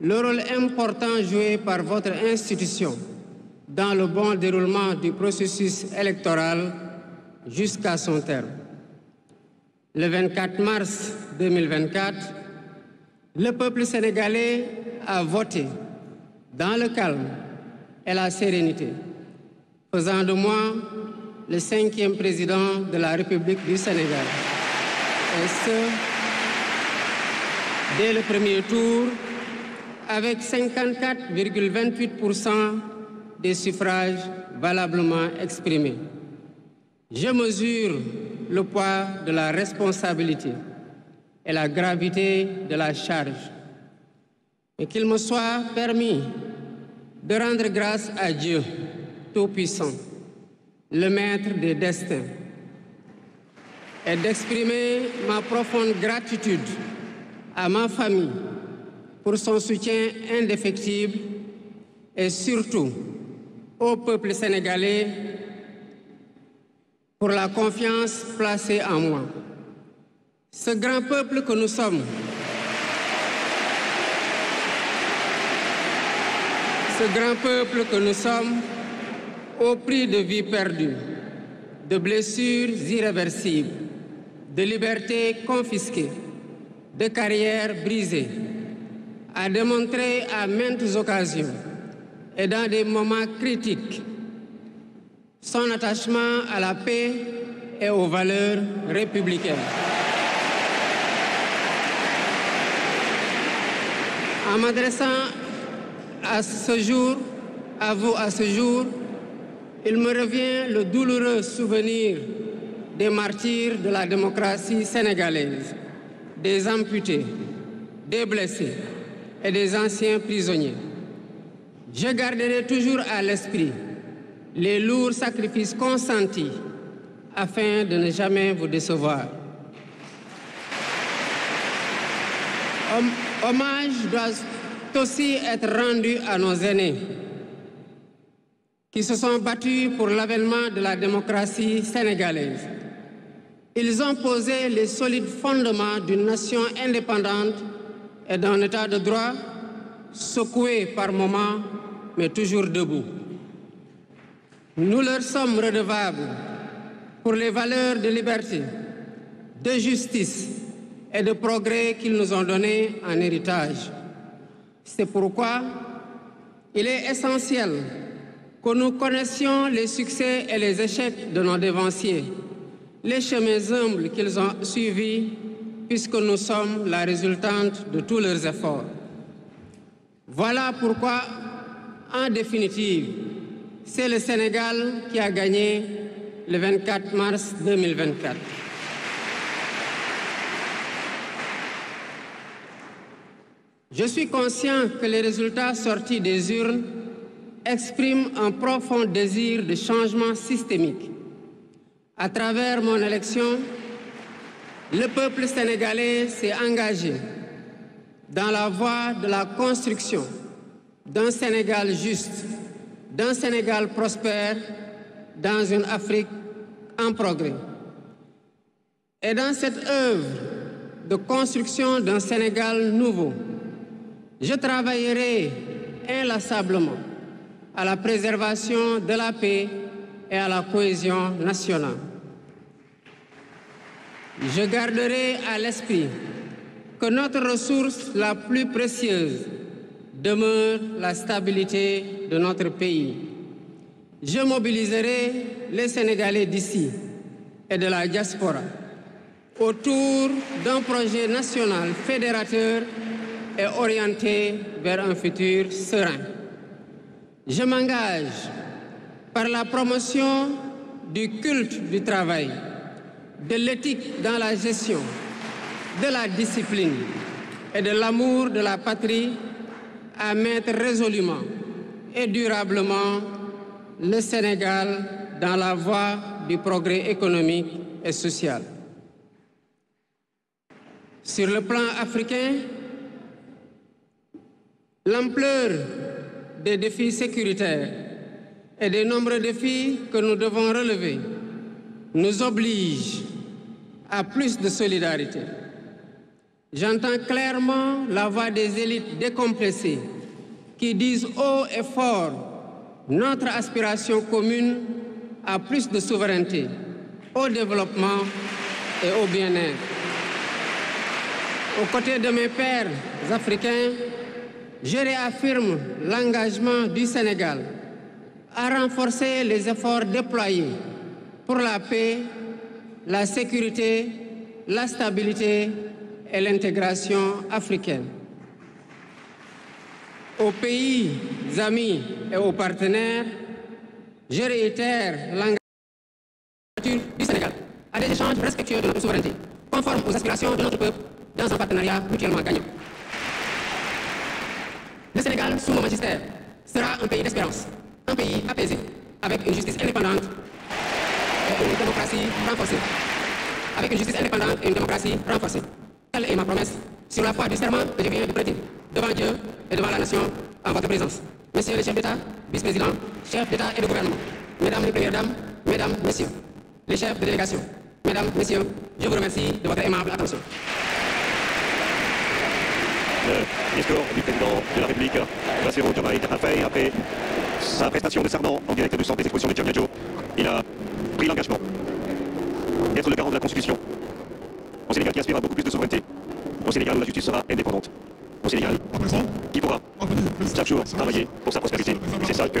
le rôle important joué par votre institution dans le bon déroulement du processus électoral jusqu'à son terme. Le 24 mars 2024, le peuple sénégalais a voté dans le calme et la sérénité, faisant de moi le cinquième président de la République du Sénégal. Et ce, dès le premier tour avec 54,28% des suffrages valablement exprimés. Je mesure le poids de la responsabilité et la gravité de la charge. Et qu'il me soit permis de rendre grâce à Dieu Tout-Puissant, le Maître des destins, et d'exprimer ma profonde gratitude à ma famille pour son soutien indéfectible et surtout au peuple sénégalais pour la confiance placée en moi. Ce grand peuple que nous sommes, ce grand peuple que nous sommes, au prix de vies perdues, de blessures irréversibles, de libertés confisquées, de carrière brisée, a démontré à maintes occasions et dans des moments critiques son attachement à la paix et aux valeurs républicaines. En m'adressant à ce jour, à vous à ce jour, il me revient le douloureux souvenir des martyrs de la démocratie sénégalaise des amputés, des blessés et des anciens prisonniers. Je garderai toujours à l'esprit les lourds sacrifices consentis afin de ne jamais vous décevoir. Hommage doit aussi être rendu à nos aînés qui se sont battus pour l'avènement de la démocratie sénégalaise ils ont posé les solides fondements d'une nation indépendante et d'un état de droit secoué par moments, mais toujours debout. Nous leur sommes redevables pour les valeurs de liberté, de justice et de progrès qu'ils nous ont données en héritage. C'est pourquoi il est essentiel que nous connaissions les succès et les échecs de nos dévanciers les chemins humbles qu'ils ont suivis, puisque nous sommes la résultante de tous leurs efforts. Voilà pourquoi, en définitive, c'est le Sénégal qui a gagné le 24 mars 2024. Je suis conscient que les résultats sortis des urnes expriment un profond désir de changement systémique à travers mon élection, le peuple sénégalais s'est engagé dans la voie de la construction d'un Sénégal juste, d'un Sénégal prospère, dans une Afrique en progrès. Et dans cette œuvre de construction d'un Sénégal nouveau, je travaillerai inlassablement à la préservation de la paix et à la cohésion nationale. Je garderai à l'esprit que notre ressource la plus précieuse demeure la stabilité de notre pays. Je mobiliserai les Sénégalais d'ici et de la diaspora autour d'un projet national fédérateur et orienté vers un futur serein. Je m'engage par la promotion du culte du travail de l'éthique dans la gestion, de la discipline et de l'amour de la patrie à mettre résolument et durablement le Sénégal dans la voie du progrès économique et social. Sur le plan africain, l'ampleur des défis sécuritaires et des nombreux défis que nous devons relever nous oblige à plus de solidarité. J'entends clairement la voix des élites décompressées qui disent haut et fort notre aspiration commune à plus de souveraineté, au développement et au bien-être. Aux côtés de mes pères africains, je réaffirme l'engagement du Sénégal à renforcer les efforts déployés pour la paix la sécurité, la stabilité et l'intégration africaine. Aux pays amis et aux partenaires, je réitère l'engagement du Sénégal à des échanges respectueux de notre souveraineté, conformes aux aspirations de notre peuple dans un partenariat mutuellement gagnant. Le Sénégal, sous mon magistère, sera un pays d'espérance, un pays apaisé, avec une justice indépendante et une démocratie renforcée. Avec une justice indépendante et une démocratie renforcée. Telle est ma promesse sur la foi du serment que je viens de prêter devant Dieu et devant la nation en votre présence. Messieurs les chefs d'État, vice-présidents, chefs d'État et de gouvernement, mesdames les premières dames, mesdames, messieurs, les chefs de délégation, mesdames, messieurs, je vous remercie de votre aimable attention. Le score du président de la République, Bassero Thomas a après sa prestation de serment en direct de centre des expositions de Tcherniadjo. Il a pris l'engagement d'être le garant de la Constitution. Au Sénégal qui aspire à beaucoup plus de souveraineté. Au Sénégal où la justice sera indépendante. Au Sénégal qui pourra chaque jour travailler pour sa prospérité. Et c'est ça que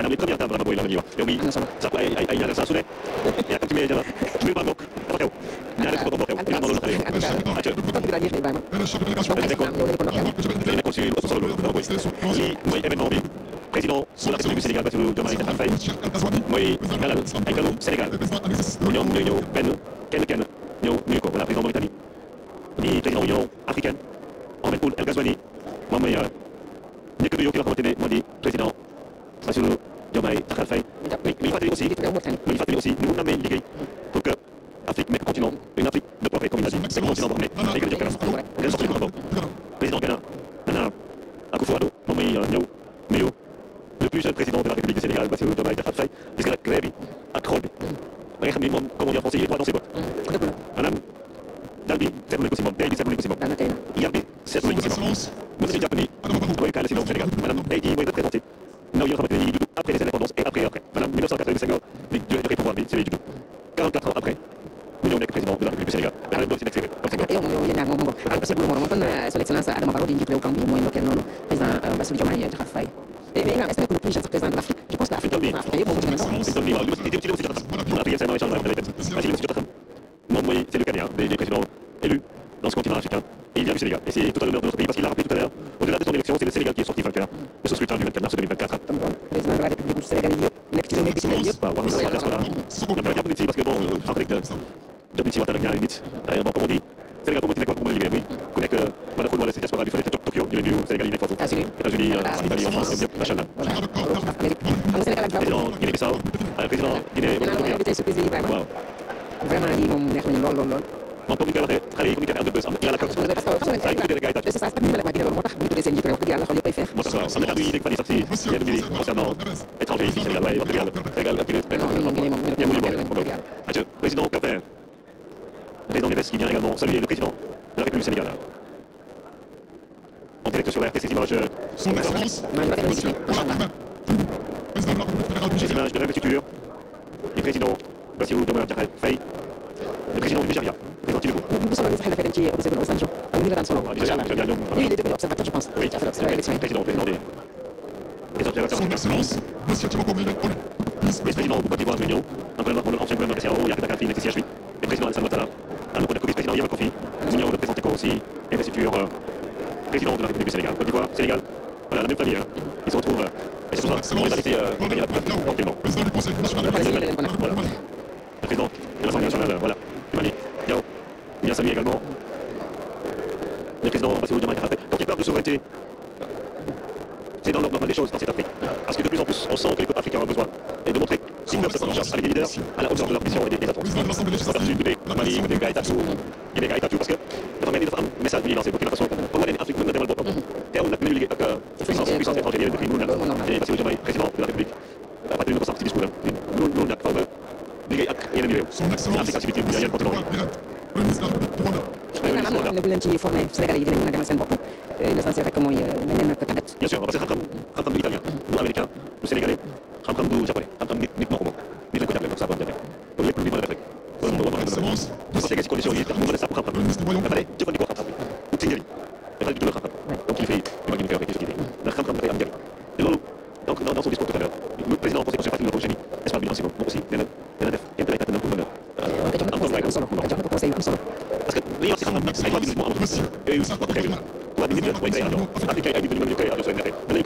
Manawicowi Adama na boju nawaliła. j a mi zapłaje, a ja zasuje. Jak tak zmienia, c z u j a pan bok, a poteł. Miarę chyba poteł. I mam a może tyle. a A d i czy? a o i e v e n e m a w i k p r a d i d e n t sur la t a p u b l i q u i e du Sénégal, Batilou i d i k o t a y e d i a k t a r Faye, mooy dalal ay ganu Sénégal ñoom ñooy ñëw benn kenn kenn ñëw nuyu ko wala président m a u r i t a n i a di président Union africaine Mohamed Ould El Ghazouani moom mooy njëkk a nuyoo ki nga x a m a u t i e a e moo di président Batilou Diomaye aussi aussi de ça m'a perdu des compagnies sorties, qui a concernant étrangers, ici, la loi et السنغال اللي من جامعه سان بورتو الى سان سيرك موي منين كتبت بيان سور باسكو خام خام خام خام دو ايطاليان دو امريكان دو سينيغالي خام خام دو جابوني خام خام نيت نيت مخمو نيت لكو جابلي صافا جابلي كل يكون بيما داك باسكو كاين كونديسيون اللي تخدموا على خام خام ابري تكون ديكو خام خام وتجري غادي تدير خام خام دونك اللي فايت كما كاين كيف كيف كيف خام خام داك امجري لولو دونك dans son discours tout à l'heure, le président pensait que c'est pas une génie. Est-ce pas bien, c'est bon, bon aussi, mais là, il y a un intérêt à tenir compte de l'honneur. Un conseil, un conseil, un conseil. Saí do not a luz. Eu e o santo do reino. O abismo, pois é, não. A fiquei aí, menino, eu creio, eu sou ainda. Eu creio,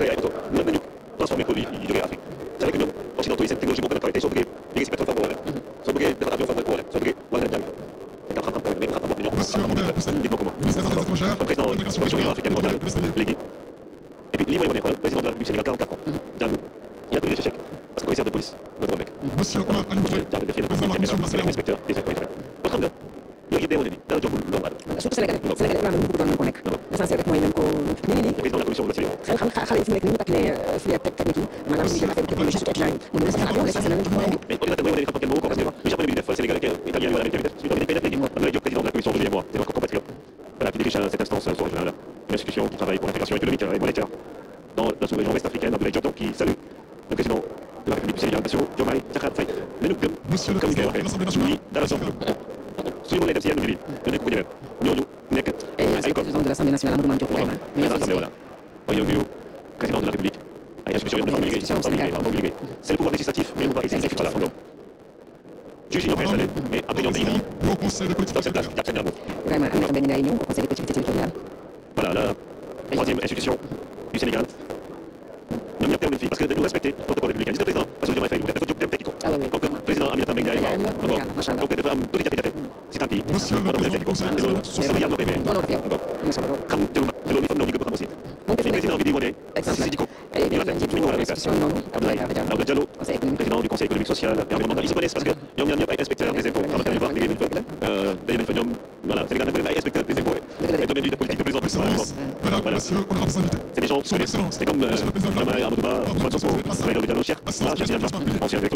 Jasna, jasna, jasna. się